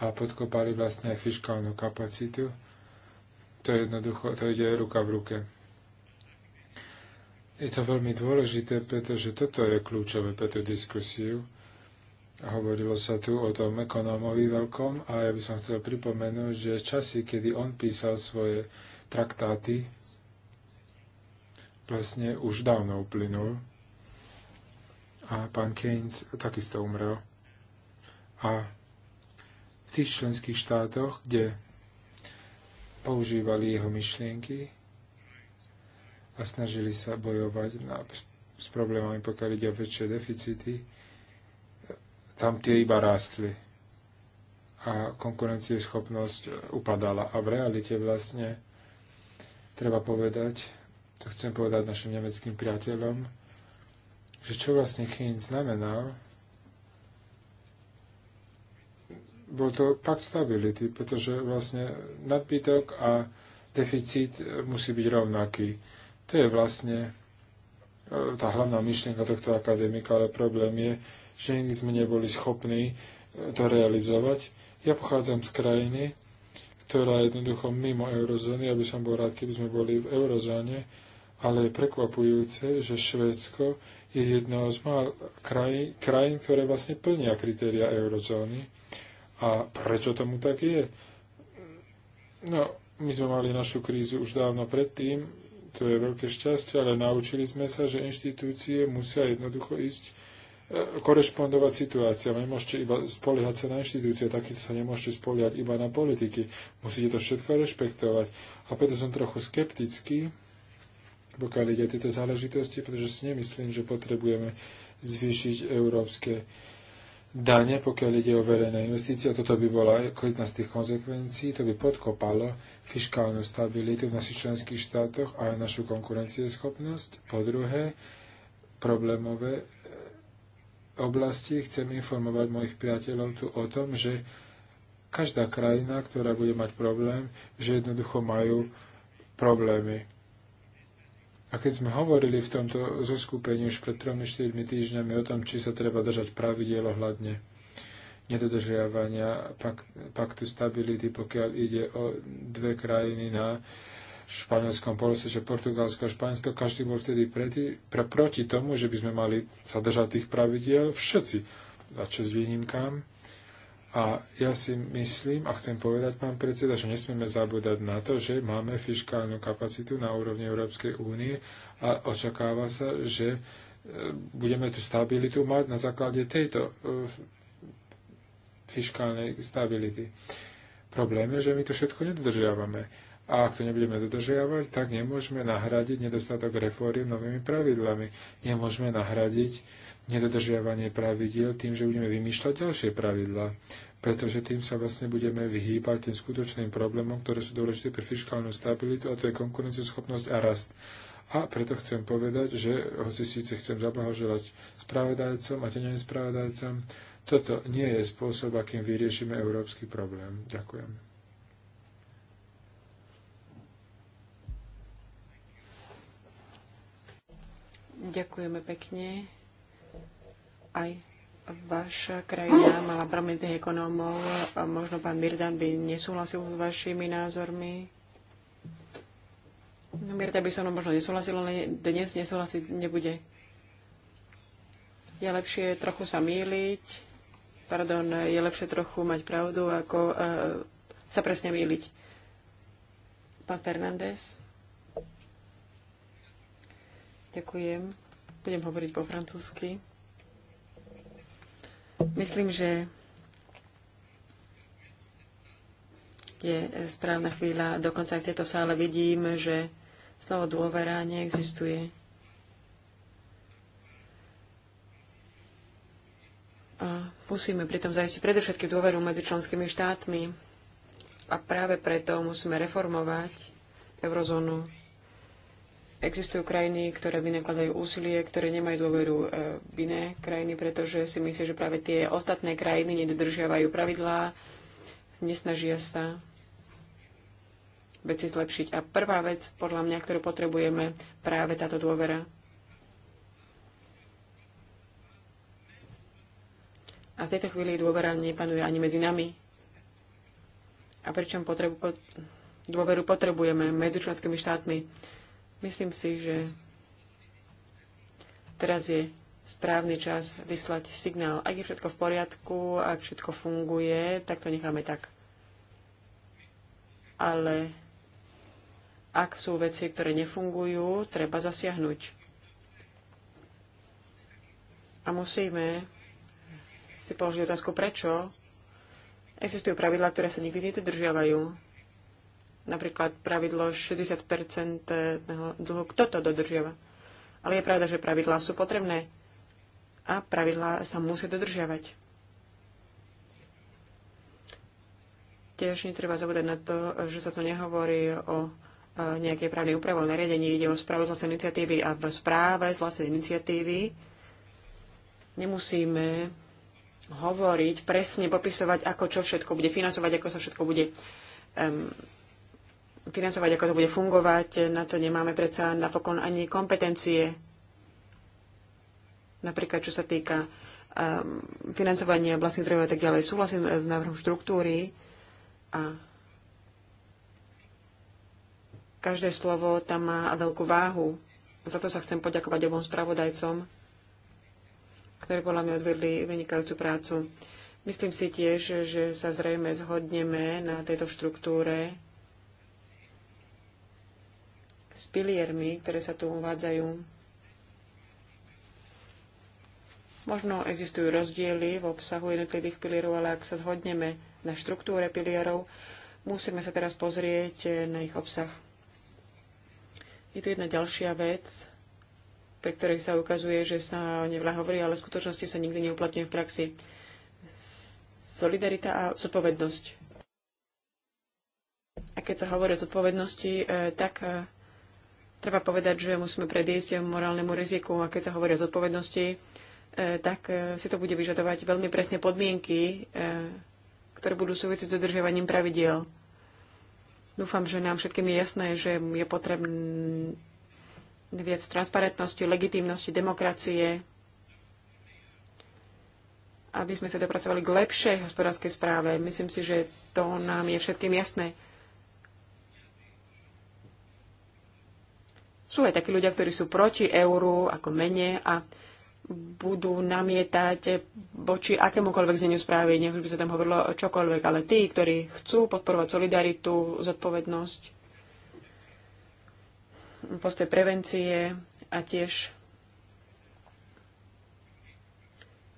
a podkopali vlastne aj fiskálnu kapacitu. To jednoducho, to ide ruka v ruke. Je to veľmi dôležité, pretože toto je kľúčové pre tú diskusiu. Hovorilo sa tu o tom ekonómovi veľkom a ja by som chcel pripomenúť, že časy, kedy on písal svoje traktáty, vlastne už dávno uplynul a pán Keynes takisto umrel. A v tých členských štátoch, kde používali jeho myšlienky a snažili sa bojovať na, s problémami, pokiaľ ide o väčšie deficity, tam tie iba rástli a konkurencieschopnosť upadala. A v realite vlastne treba povedať, to chcem povedať našim nemeckým priateľom, že čo vlastne Chín znamenal, bol to pak stability, pretože vlastne nadbytok a deficit musí byť rovnaký. To je vlastne e, tá hlavná myšlienka tohto akademika, ale problém je, že nikdy sme neboli schopní e, to realizovať. Ja pochádzam z krajiny, ktorá je jednoducho mimo eurozóny, aby som bol rád, keby sme boli v eurozóne, ale je prekvapujúce, že Švédsko je jedna z mal krajín, krajín, ktoré vlastne plnia kritéria eurozóny a prečo tomu tak je? No, my sme mali našu krízu už dávno predtým, to je veľké šťastie, ale naučili sme sa, že inštitúcie musia jednoducho ísť e, korešpondovať situácia. Nemôžete iba spoliehať sa na inštitúcie, takisto sa nemôžete spoliehať iba na politiky. Musíte to všetko rešpektovať. A preto som trochu skeptický, pokiaľ ide o tieto záležitosti, pretože si nemyslím, že potrebujeme zvýšiť európske dane, pokiaľ ide o verejné investície. A toto by bola jedna z tých konsekvencií, to by podkopalo fiskálnu stabilitu v našich členských štátoch a aj našu konkurencieschopnosť. Po druhé, problémové e, oblasti chcem informovať mojich priateľov tu o tom, že každá krajina, ktorá bude mať problém, že jednoducho majú problémy. A keď sme hovorili v tomto zoskupení už pred 3-4 týždňami o tom, či sa treba držať pravidiel ohľadne nedodržiavania pakt, paktu stability, pokiaľ ide o dve krajiny na španielskom že Portugalsko a Španielsko, každý bol vtedy preti, pre, proti tomu, že by sme mali sa držať tých pravidiel, všetci, čo s výnimkám. A ja si myslím a chcem povedať, pán predseda, že nesmieme zabúdať na to, že máme fiskálnu kapacitu na úrovni Európskej únie a očakáva sa, že e, budeme tú stabilitu mať na základe tejto e, fiskálnej stability. Problém je, že my to všetko nedodržiavame. A ak to nebudeme dodržiavať, tak nemôžeme nahradiť nedostatok reforiem novými pravidlami. Nemôžeme nahradiť nedodržiavanie pravidiel tým, že budeme vymýšľať ďalšie pravidla pretože tým sa vlastne budeme vyhýbať tým skutočným problémom, ktoré sú dôležité pre fiskálnu stabilitu, a to je konkurencieschopnosť a rast. A preto chcem povedať, že hoci síce chcem zablahoželať spravodajcom a teňovým spravodajcom, toto nie je spôsob, akým vyriešime európsky problém. Ďakujem. Ďakujeme pekne aj vaša krajina mala prominentných ekonómov. Možno pán Mirdan by nesúhlasil s vašimi názormi. No, Mirda by som možno nesúhlasil, ale dnes nesúhlasiť nebude. Je lepšie trochu sa míliť, pardon, je lepšie trochu mať pravdu, ako uh, sa presne míliť. Pán Fernández. Ďakujem. Budem hovoriť po francúzsky. Myslím, že je správna chvíľa. Dokonca aj v tejto sále vidím, že slovo dôvera neexistuje. A musíme pritom zajistiť predovšetkým dôveru medzi členskými štátmi. A práve preto musíme reformovať eurozónu Existujú krajiny, ktoré vynakladajú úsilie, ktoré nemajú dôveru e, v iné krajiny, pretože si myslia, že práve tie ostatné krajiny nedodržiavajú pravidlá, nesnažia sa veci zlepšiť. A prvá vec, podľa mňa, ktorú potrebujeme, práve táto dôvera. A v tejto chvíli dôvera nepanuje ani medzi nami. A pričom potrebu, dôveru potrebujeme medzi členskými štátmi Myslím si, že teraz je správny čas vyslať signál. Ak je všetko v poriadku, ak všetko funguje, tak to necháme tak. Ale ak sú veci, ktoré nefungujú, treba zasiahnuť. A musíme si položiť otázku, prečo existujú pravidlá, ktoré sa nikdy nedodržiavajú napríklad pravidlo 60 dlhu, kto to dodržiava. Ale je pravda, že pravidlá sú potrebné a pravidlá sa musia dodržiavať. Tiež netreba zabúdať na to, že sa tu nehovorí o e, nejakej právnej úprave, o nariadení, ide o správu z vlastnej iniciatívy a v správe z vlastnej iniciatívy nemusíme hovoriť, presne popisovať, ako čo všetko bude financovať, ako sa všetko bude um, financovať, ako to bude fungovať, na to nemáme predsa napokon ani kompetencie. Napríklad, čo sa týka um, financovania vlastných zdrojov a tak ďalej. Súhlasím s návrhom štruktúry a každé slovo tam má veľkú váhu. Za to sa chcem poďakovať obom spravodajcom, ktorí podľa mňa odvedli vynikajúcu prácu. Myslím si tiež, že sa zrejme zhodneme na tejto štruktúre s piliermi, ktoré sa tu uvádzajú. Možno existujú rozdiely v obsahu jednotlivých pilierov, ale ak sa zhodneme na štruktúre pilierov, musíme sa teraz pozrieť eh, na ich obsah. Je tu jedna ďalšia vec, pre ktorej sa ukazuje, že sa o ne hovorí, ale v skutočnosti sa nikdy neuplatňuje v praxi. Solidarita a zodpovednosť. A keď sa hovorí o zodpovednosti, eh, tak eh, Treba povedať, že musíme predísť morálnemu riziku a keď sa hovorí o zodpovednosti, e, tak e, si to bude vyžadovať veľmi presne podmienky, e, ktoré budú súvisieť s dodržiavaním pravidiel. Dúfam, že nám všetkým je jasné, že je potrebné viac transparentnosti, legitimnosti, demokracie, aby sme sa dopracovali k lepšej hospodárskej správe. Myslím si, že to nám je všetkým jasné. Sú aj takí ľudia, ktorí sú proti euru ako mene a budú namietať voči akémukoľvek zneniu správy, nech by sa tam hovorilo čokoľvek, ale tí, ktorí chcú podporovať solidaritu, zodpovednosť, postoj prevencie a tiež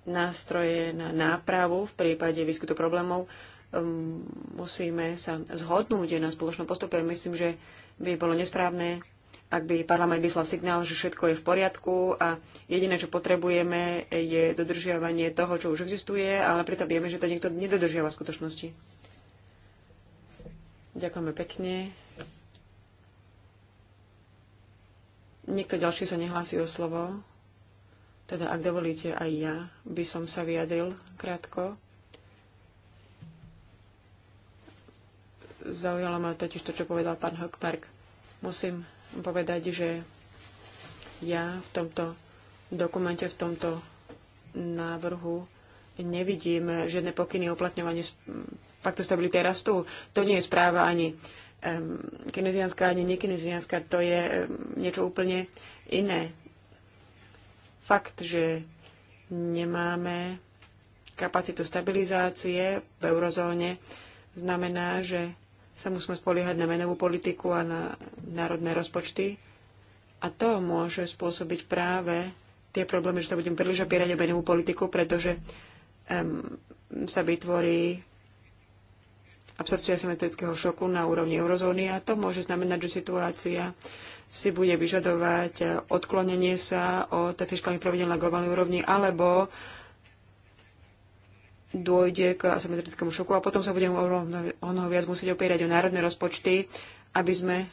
nástroje na nápravu v prípade výskytu problémov, um, musíme sa zhodnúť na spoločnom postupe. Myslím, že by bolo nesprávne ak by parlament vyslal signál, že všetko je v poriadku a jediné, čo potrebujeme, je dodržiavanie toho, čo už existuje, ale preto vieme, že to niekto nedodržiava v skutočnosti. Ďakujeme pekne. Niekto ďalší sa nehlási o slovo. Teda, ak dovolíte, aj ja by som sa vyjadril krátko. Zaujalo ma totiž to, čo povedal pán Hockberg. Musím povedať, že ja v tomto dokumente, v tomto návrhu nevidím žiadne pokyny o uplatňovanie paktu stability a rastu. To nie je správa ani um, kineziánska, ani nekineziánska. To je um, niečo úplne iné. Fakt, že nemáme kapacitu stabilizácie v eurozóne, znamená, že sa musíme spoliehať na menovú politiku a na národné rozpočty. A to môže spôsobiť práve tie problémy, že sa budeme príliš opierať o menovú politiku, pretože um, sa vytvorí absorpcia symetrického šoku na úrovni eurozóny a to môže znamenať, že situácia si bude vyžadovať eh, odklonenie sa od fiskálnych pravidel na globálnej úrovni alebo dôjde k asymetrickému šoku a potom sa budeme o mnoho viac musieť opierať o národné rozpočty, aby sme e,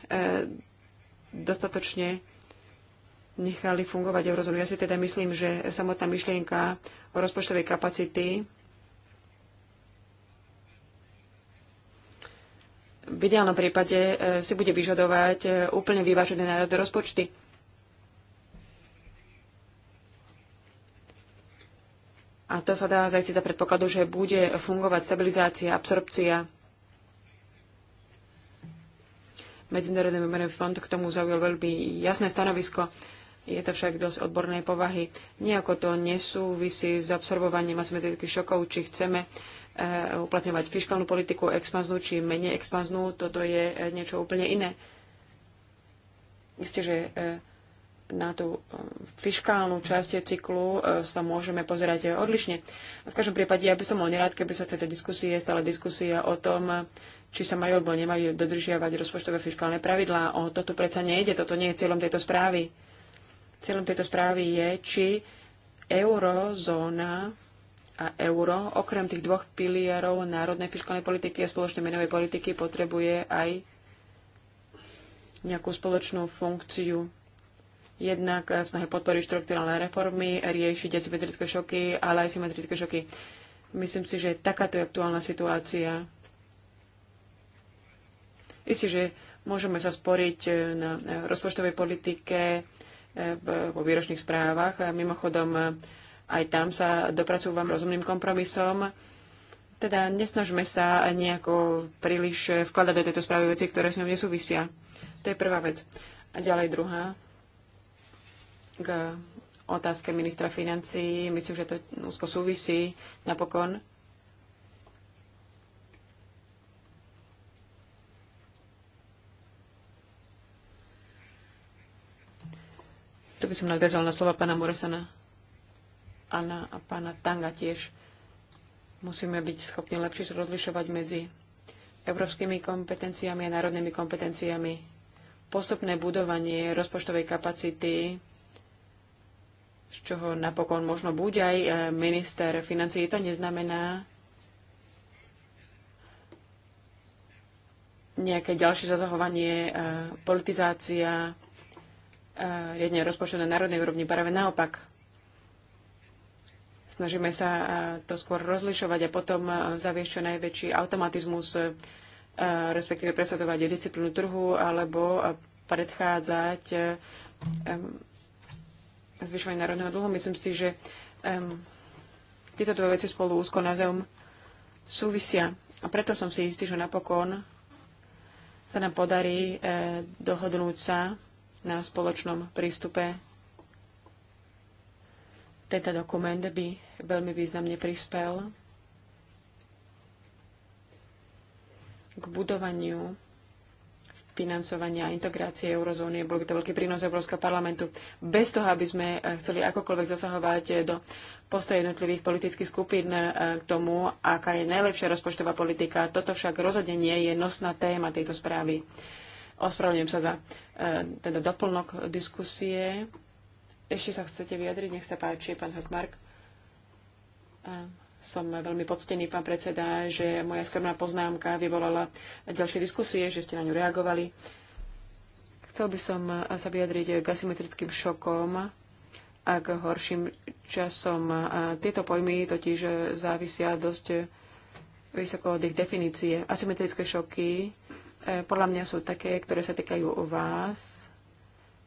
dostatočne nechali fungovať eurozónu. Ja si teda myslím, že samotná myšlienka o rozpočtovej kapacity v ideálnom prípade e, si bude vyžadovať e, úplne vyvážené národné rozpočty. A to sa dá zajistiť za predpokladu, že bude fungovať stabilizácia, absorpcia. Medzinárodný menový fond k tomu zaujal veľmi jasné stanovisko. Je to však dosť odbornej povahy. Nejako to nesúvisí s absorbovaním asymetrických šokov, či chceme eh, uplatňovať fiskálnu politiku expanznú či menej expanznú. Toto je eh, niečo úplne iné. Isté, že eh, na tú eh, fiskálnu časť cyklu eh, sa môžeme pozerať eh, odlišne. V každom prípade, ja by som bol nerád, keby sa v tejto diskusie stala diskusia o tom, či sa majú alebo nemajú dodržiavať rozpočtové fiskálne pravidlá. O tu predsa nejde, toto nie je cieľom tejto správy. Cieľom tejto správy je, či eurozóna a euro, okrem tých dvoch pilierov národnej fiskálnej politiky a spoločnej menovej politiky, potrebuje aj nejakú spoločnú funkciu jednak v snahe podporiť štrukturálne reformy, riešiť asymetrické šoky, ale aj symetrické šoky. Myslím si, že takáto je aktuálna situácia. Isté, že môžeme sa sporiť na rozpočtovej politike, eh, vo výročných správach. A mimochodom, aj tam sa dopracúvam rozumným kompromisom. Teda nesnažme sa nejako príliš vkladať do tejto správy veci, ktoré s ňou nesúvisia. To je prvá vec. A ďalej druhá k otázke ministra financií. Myslím, že to úzko súvisí napokon. Tu by som nadviazal na slova pána Moresana Anna a pána Tanga tiež. Musíme byť schopní lepšie rozlišovať medzi európskymi kompetenciami a národnými kompetenciami. Postupné budovanie rozpočtovej kapacity z čoho napokon možno buď aj e, minister financií, to neznamená nejaké ďalšie zazahovanie, e, politizácia, e, riadne rozpočtu na národnej úrovni. Práve naopak, snažíme sa to skôr rozlišovať a potom zaviesť čo najväčší automatizmus, respektíve presadovať disciplínu trhu alebo predchádzať zvyšovanie národného dlhu. Myslím si, že um, tieto dve veci spolu úzko navzájom súvisia. A preto som si istý, že napokon sa nám podarí e, dohodnúť sa na spoločnom prístupe. Tento dokument by veľmi významne prispel k budovaniu financovania a integrácie eurozóny. Bol by to veľký prínos Európskeho parlamentu. Bez toho, aby sme eh, chceli akokoľvek zasahovať eh, do postoje jednotlivých politických skupín eh, k tomu, aká je najlepšia rozpočtová politika. Toto však rozhodne nie je nosná téma tejto správy. Ospravedlňujem sa za teda doplnok diskusie. Ešte sa chcete vyjadriť? Nech sa páči, pán Hotmark som veľmi poctený, pán predseda, že moja skromná poznámka vyvolala ďalšie diskusie, že ste na ňu reagovali. Chcel by som sa vyjadriť k asymetrickým šokom a k horším časom. A tieto pojmy totiž závisia dosť vysoko od ich definície. Asymetrické šoky e, podľa mňa sú také, ktoré sa týkajú u vás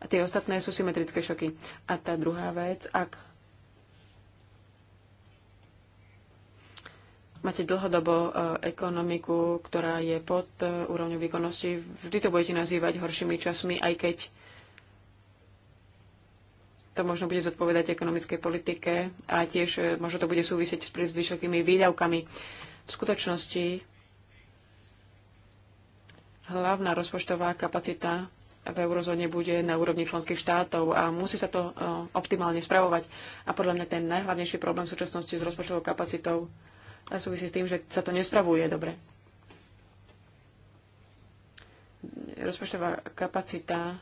a tie ostatné sú symetrické šoky. A tá druhá vec, ak máte dlhodobo e, ekonomiku, ktorá je pod e, úrovňou výkonnosti, vždy to budete nazývať horšími časmi, aj keď to možno bude zodpovedať ekonomickej politike a tiež e, možno to bude súvisieť s príliš vysokými výdavkami. V skutočnosti hlavná rozpočtová kapacita v eurozóne bude na úrovni členských štátov a musí sa to optimálne spravovať. A podľa mňa ten najhlavnejší problém v súčasnosti s rozpočtovou kapacitou a súvisí s tým, že sa to nespravuje dobre. Rozpočtová kapacita,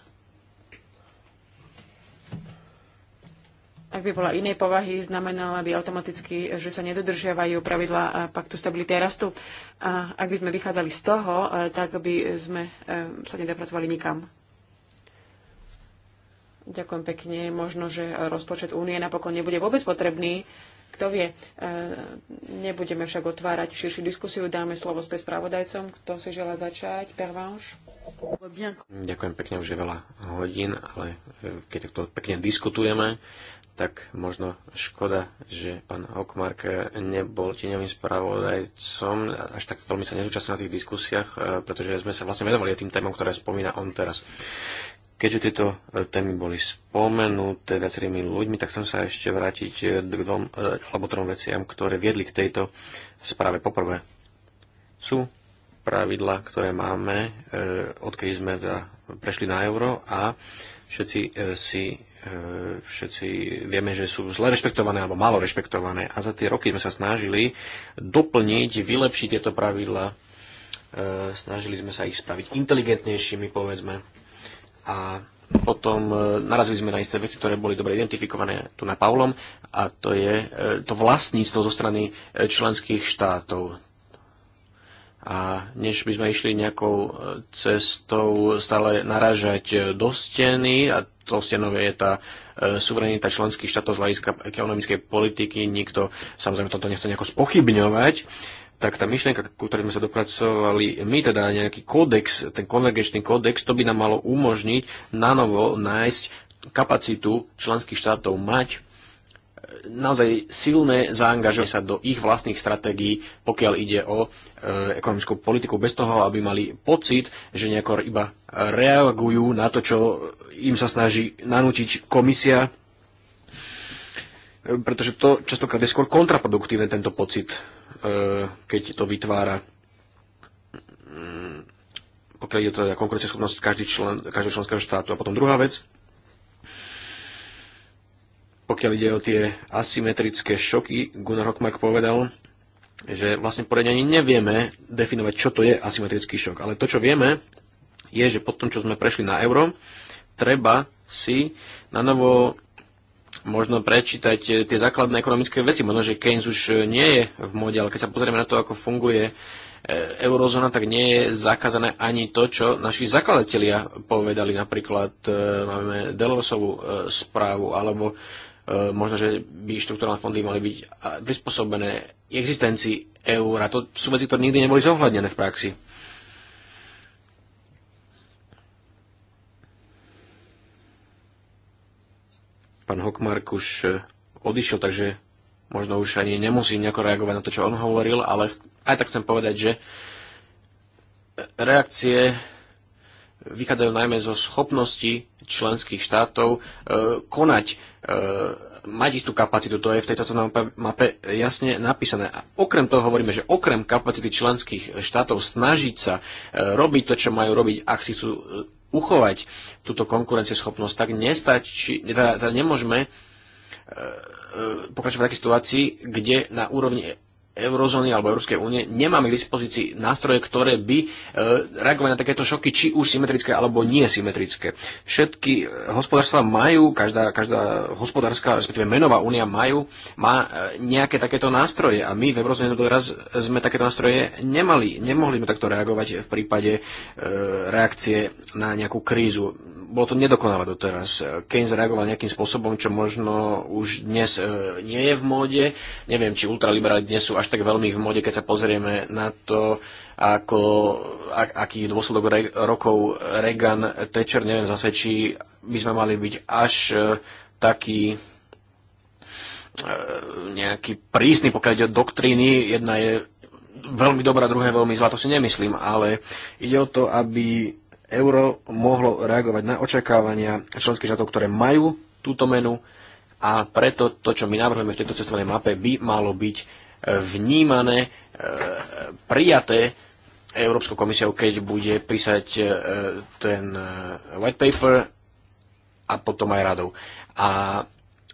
ak by bola inej povahy, znamenala by automaticky, že sa nedodržiavajú pravidla paktu stability a rastu. A ak by sme vychádzali z toho, eh, tak by sme eh, sa nedopracovali nikam. Ďakujem pekne. Možno, že rozpočet únie napokon nebude vôbec potrebný, kto vie, e, nebudeme však otvárať širšiu diskusiu, dáme slovo späť spravodajcom. Kto si želá začať? Pervanš? Ďakujem pekne, už je veľa hodín, ale e, keď takto pekne diskutujeme, tak možno škoda, že pán Hokmark e, nebol tieňovým spravodajcom, až tak veľmi sa nezúčastnil na tých diskusiách, pretože sme sa vlastne venovali tým témam, ktoré spomína on teraz. Keďže tieto e, témy boli spomenuté viacerými ľuďmi, tak chcem sa ešte vrátiť e, k dvom e, alebo trom veciam, ktoré viedli k tejto správe. Poprvé, sú pravidla, ktoré máme, odkedy sme za, prešli na euro a všetci si všetci vieme, že sú zle rešpektované alebo málo rešpektované. A za tie roky sme sa snažili doplniť, vylepšiť tieto pravidla, snažili sme sa ich spraviť inteligentnejšími, povedzme a potom e, narazili sme na isté veci, ktoré boli dobre identifikované tu na Pavlom a to je e, to vlastníctvo zo strany e, členských štátov. A než by sme išli nejakou cestou stále naražať do steny, a to stenové je tá suverenita členských štátov z hľadiska ekonomickej politiky, nikto samozrejme toto nechce nejako spochybňovať, tak tá myšlienka, ku ktorej sme sa dopracovali my, teda nejaký kódex, ten konvergenčný kódex, to by nám malo umožniť na novo nájsť kapacitu členských štátov mať e, naozaj silné zaangažovanie sa do ich vlastných stratégií, pokiaľ ide o e, ekonomickú politiku, bez toho, aby mali pocit, že nejako iba reagujú na to, čo im sa snaží nanútiť komisia, e, pretože to častokrát je skôr kontraproduktívne, tento pocit E, keď to vytvára mm, pokiaľ to teda schopnosť každý člen, každého členského štátu. A potom druhá vec, pokiaľ ide o tie asymetrické šoky, Gunnar Hockmark povedal, že vlastne poriadne ani nevieme definovať, čo to je asymetrický šok. Ale to, čo vieme, je, že po tom, čo sme prešli na euro, treba si na novo možno prečítať eh, tie základné ekonomické veci. Možno, že Keynes už eh, nie je v mode, ale keď sa pozrieme na to, ako funguje eh, eurozóna, tak nie je zakázané ani to, čo naši zakladatelia povedali. Napríklad máme Delosovú správu, alebo možno, že by štruktúrne fondy mali byť prispôsobené existencii eura. To sú veci, ktoré nikdy neboli zohľadnené v praxi. Pán Hokmark už e, odišiel, takže možno už ani nemusím nejako reagovať na to, čo on hovoril, ale aj tak chcem povedať, že reakcie vychádzajú najmä zo schopnosti členských štátov e, konať, e, mať istú kapacitu. To je v tejto mape, jasne napísané. A okrem toho hovoríme, že okrem kapacity členských štátov snažiť sa e, robiť to, čo majú robiť, ak si chcú e, uchovať túto konkurencieschopnosť, tak nestačí, teda, teda nemôžeme e, e, pokračovať v takej situácii, kde na úrovni eurozóny alebo Európskej únie nemáme k dispozícii nástroje, ktoré by e, reagovali na takéto šoky, či už symetrické alebo nesymetrické. Všetky e, hospodárstva majú, každá, každá hospodárska, respektíve menová únia majú, má e, nejaké takéto nástroje a my v eurozóne doteraz sme takéto nástroje nemali. Nemohli sme takto reagovať v prípade e, reakcie na nejakú krízu bolo to nedokonalé doteraz. Keynes reagoval nejakým spôsobom, čo možno už dnes e, nie je v móde. Neviem, či ultraliberáli dnes sú až tak veľmi v móde, keď sa pozrieme na to, ako, a, aký dôsledok re, rokov Reagan, Thatcher, neviem zase, či by sme mali byť až e, taký e, nejaký prísny, pokiaľ ide o doktríny. Jedna je veľmi dobrá, druhá je veľmi zlá, to si nemyslím, ale ide o to, aby euro mohlo reagovať na očakávania členských štátov, ktoré majú túto menu a preto to, čo my navrhujeme v tejto cestovnej mape, by malo byť e, vnímané, e, prijaté Európskou komisiou, keď bude písať e, ten white paper a potom aj radou. A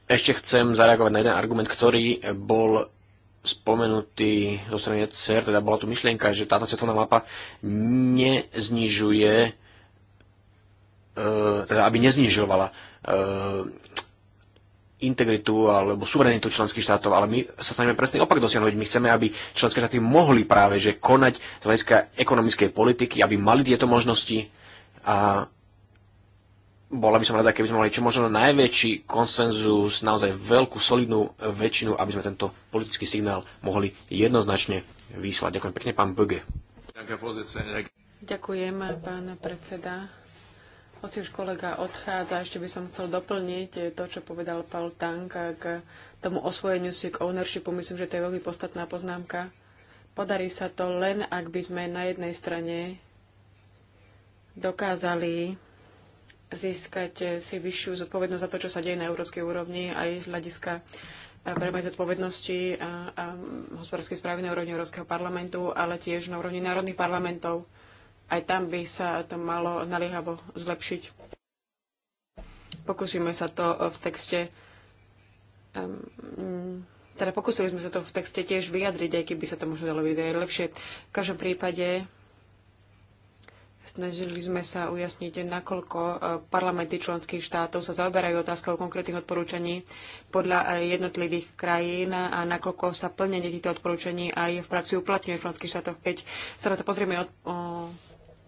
ešte chcem zareagovať na jeden argument, ktorý bol spomenutý zo strany CER, teda bola tu myšlienka, že táto cestovná mapa neznižuje E, teda aby neznižovala e, integritu alebo suverenitu členských štátov, ale my sa snažíme presne opak dosiahnuť. My chceme, aby členské štáty mohli práve že konať z hľadiska ekonomickej politiky, aby mali tieto možnosti a bola by som rada, keby sme mali čo možno najväčší konsenzus, naozaj veľkú solidnú väčšinu, aby sme tento politický signál mohli jednoznačne vyslať. Ďakujem pekne, pán Böge. Ďakujem, pán predseda. Hoci už kolega odchádza, ešte by som chcel doplniť eh, to, čo povedal Paul Tank eh, k tomu osvojeniu si k ownershipu. Myslím, že to je veľmi podstatná poznámka. Podarí sa to len, ak by sme na jednej strane dokázali získať eh, si vyššiu zodpovednosť za to, čo sa deje na európskej úrovni, aj z hľadiska premej zodpovednosti a, a hospodárskej správy na úrovni Európskeho parlamentu, ale tiež na úrovni národných parlamentov. Aj tam by sa to malo naliehavo zlepšiť. Pokúsime sa to v texte um, teda pokúsili sme sa to v texte tiež vyjadriť, aj keby sa to možno dalo vyjadriť lepšie. V každom prípade snažili sme sa ujasniť, nakoľko e, parlamenty členských štátov sa zaoberajú otázkou konkrétnych odporúčaní podľa e, jednotlivých krajín a nakoľko sa plnenie týchto odporúčaní aj v praxi uplatňuje v členských štátoch. Keď sa na to pozrieme od, o,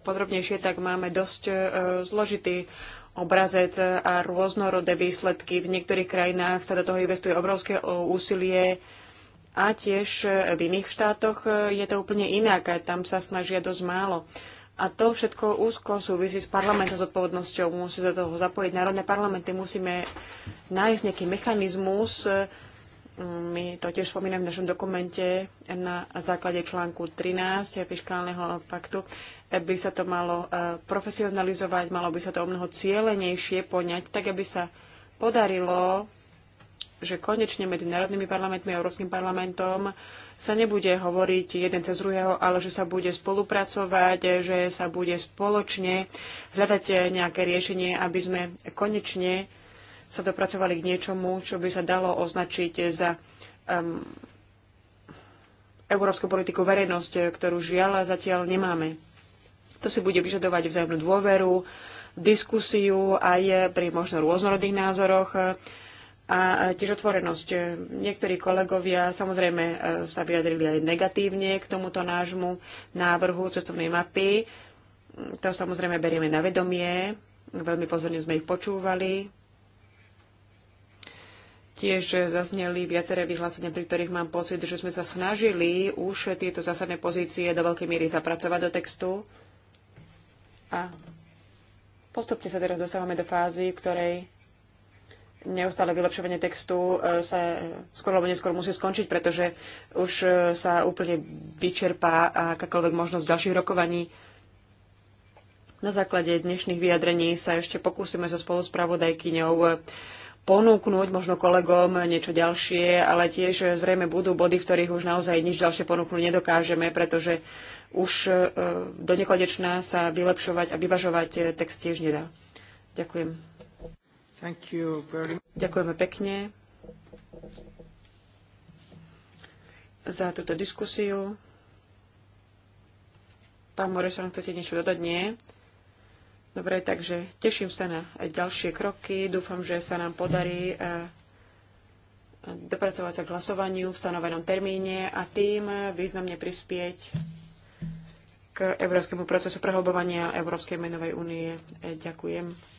podrobnejšie, tak máme dosť e, zložitý obrazec a rôznorodé výsledky. V niektorých krajinách sa do toho investuje obrovské e, úsilie a tiež e, v iných štátoch je to úplne inak a tam sa snažia dosť málo. A to všetko úzko súvisí s parlamentom s odpovednosťou. Musí do toho zapojiť národné parlamenty, musíme nájsť nejaký mechanizmus. My to tiež spomíname v našom dokumente na základe článku 13 fiskálneho paktu by sa to malo e, profesionalizovať, malo by sa to o mnoho cieľenejšie poňať, tak aby sa podarilo, že konečne medzi národnými parlamentmi a Európskym parlamentom sa nebude hovoriť jeden cez druhého, ale že sa bude spolupracovať, že sa bude spoločne hľadať nejaké riešenie, aby sme konečne sa dopracovali k niečomu, čo by sa dalo označiť za um, európsku politiku verejnosť, ktorú žiaľ zatiaľ nemáme. To si bude vyžadovať vzájomnú dôveru, diskusiu aj pri možno rôznorodných názoroch a tiež otvorenosť. Niektorí kolegovia samozrejme e, sa vyjadrili aj negatívne k tomuto nášmu návrhu cestovnej mapy. To samozrejme berieme na vedomie. Veľmi pozorne sme ich počúvali. Tiež zazneli viaceré vyhlásenia, pri ktorých mám pocit, že sme sa snažili už tieto zásadné pozície do veľkej miery zapracovať do textu. A postupne sa teraz dostávame do fázy, v ktorej neustále vylepšovanie textu e, sa skôr alebo neskôr musí skončiť, pretože už e, sa úplne vyčerpá akákoľvek možnosť ďalších rokovaní. Na základe dnešných vyjadrení sa ešte pokúsime so spoluspravodajkyňou e, ponúknuť možno kolegom niečo ďalšie, ale tiež zrejme budú body, v ktorých už naozaj nič ďalšie ponúknuť nedokážeme, pretože už e, do nekonečná sa vylepšovať a vyvažovať e, text tiež nedá. Ďakujem. Ďakujeme pekne za túto diskusiu. Pán vám chcete niečo dodať? Nie. Dobre, takže teším sa na ďalšie kroky. Dúfam, že sa nám podarí e, dopracovať sa k hlasovaniu v stanovenom termíne a tým významne prispieť k európskemu procesu prehlbovania Európskej menovej únie. E, ďakujem.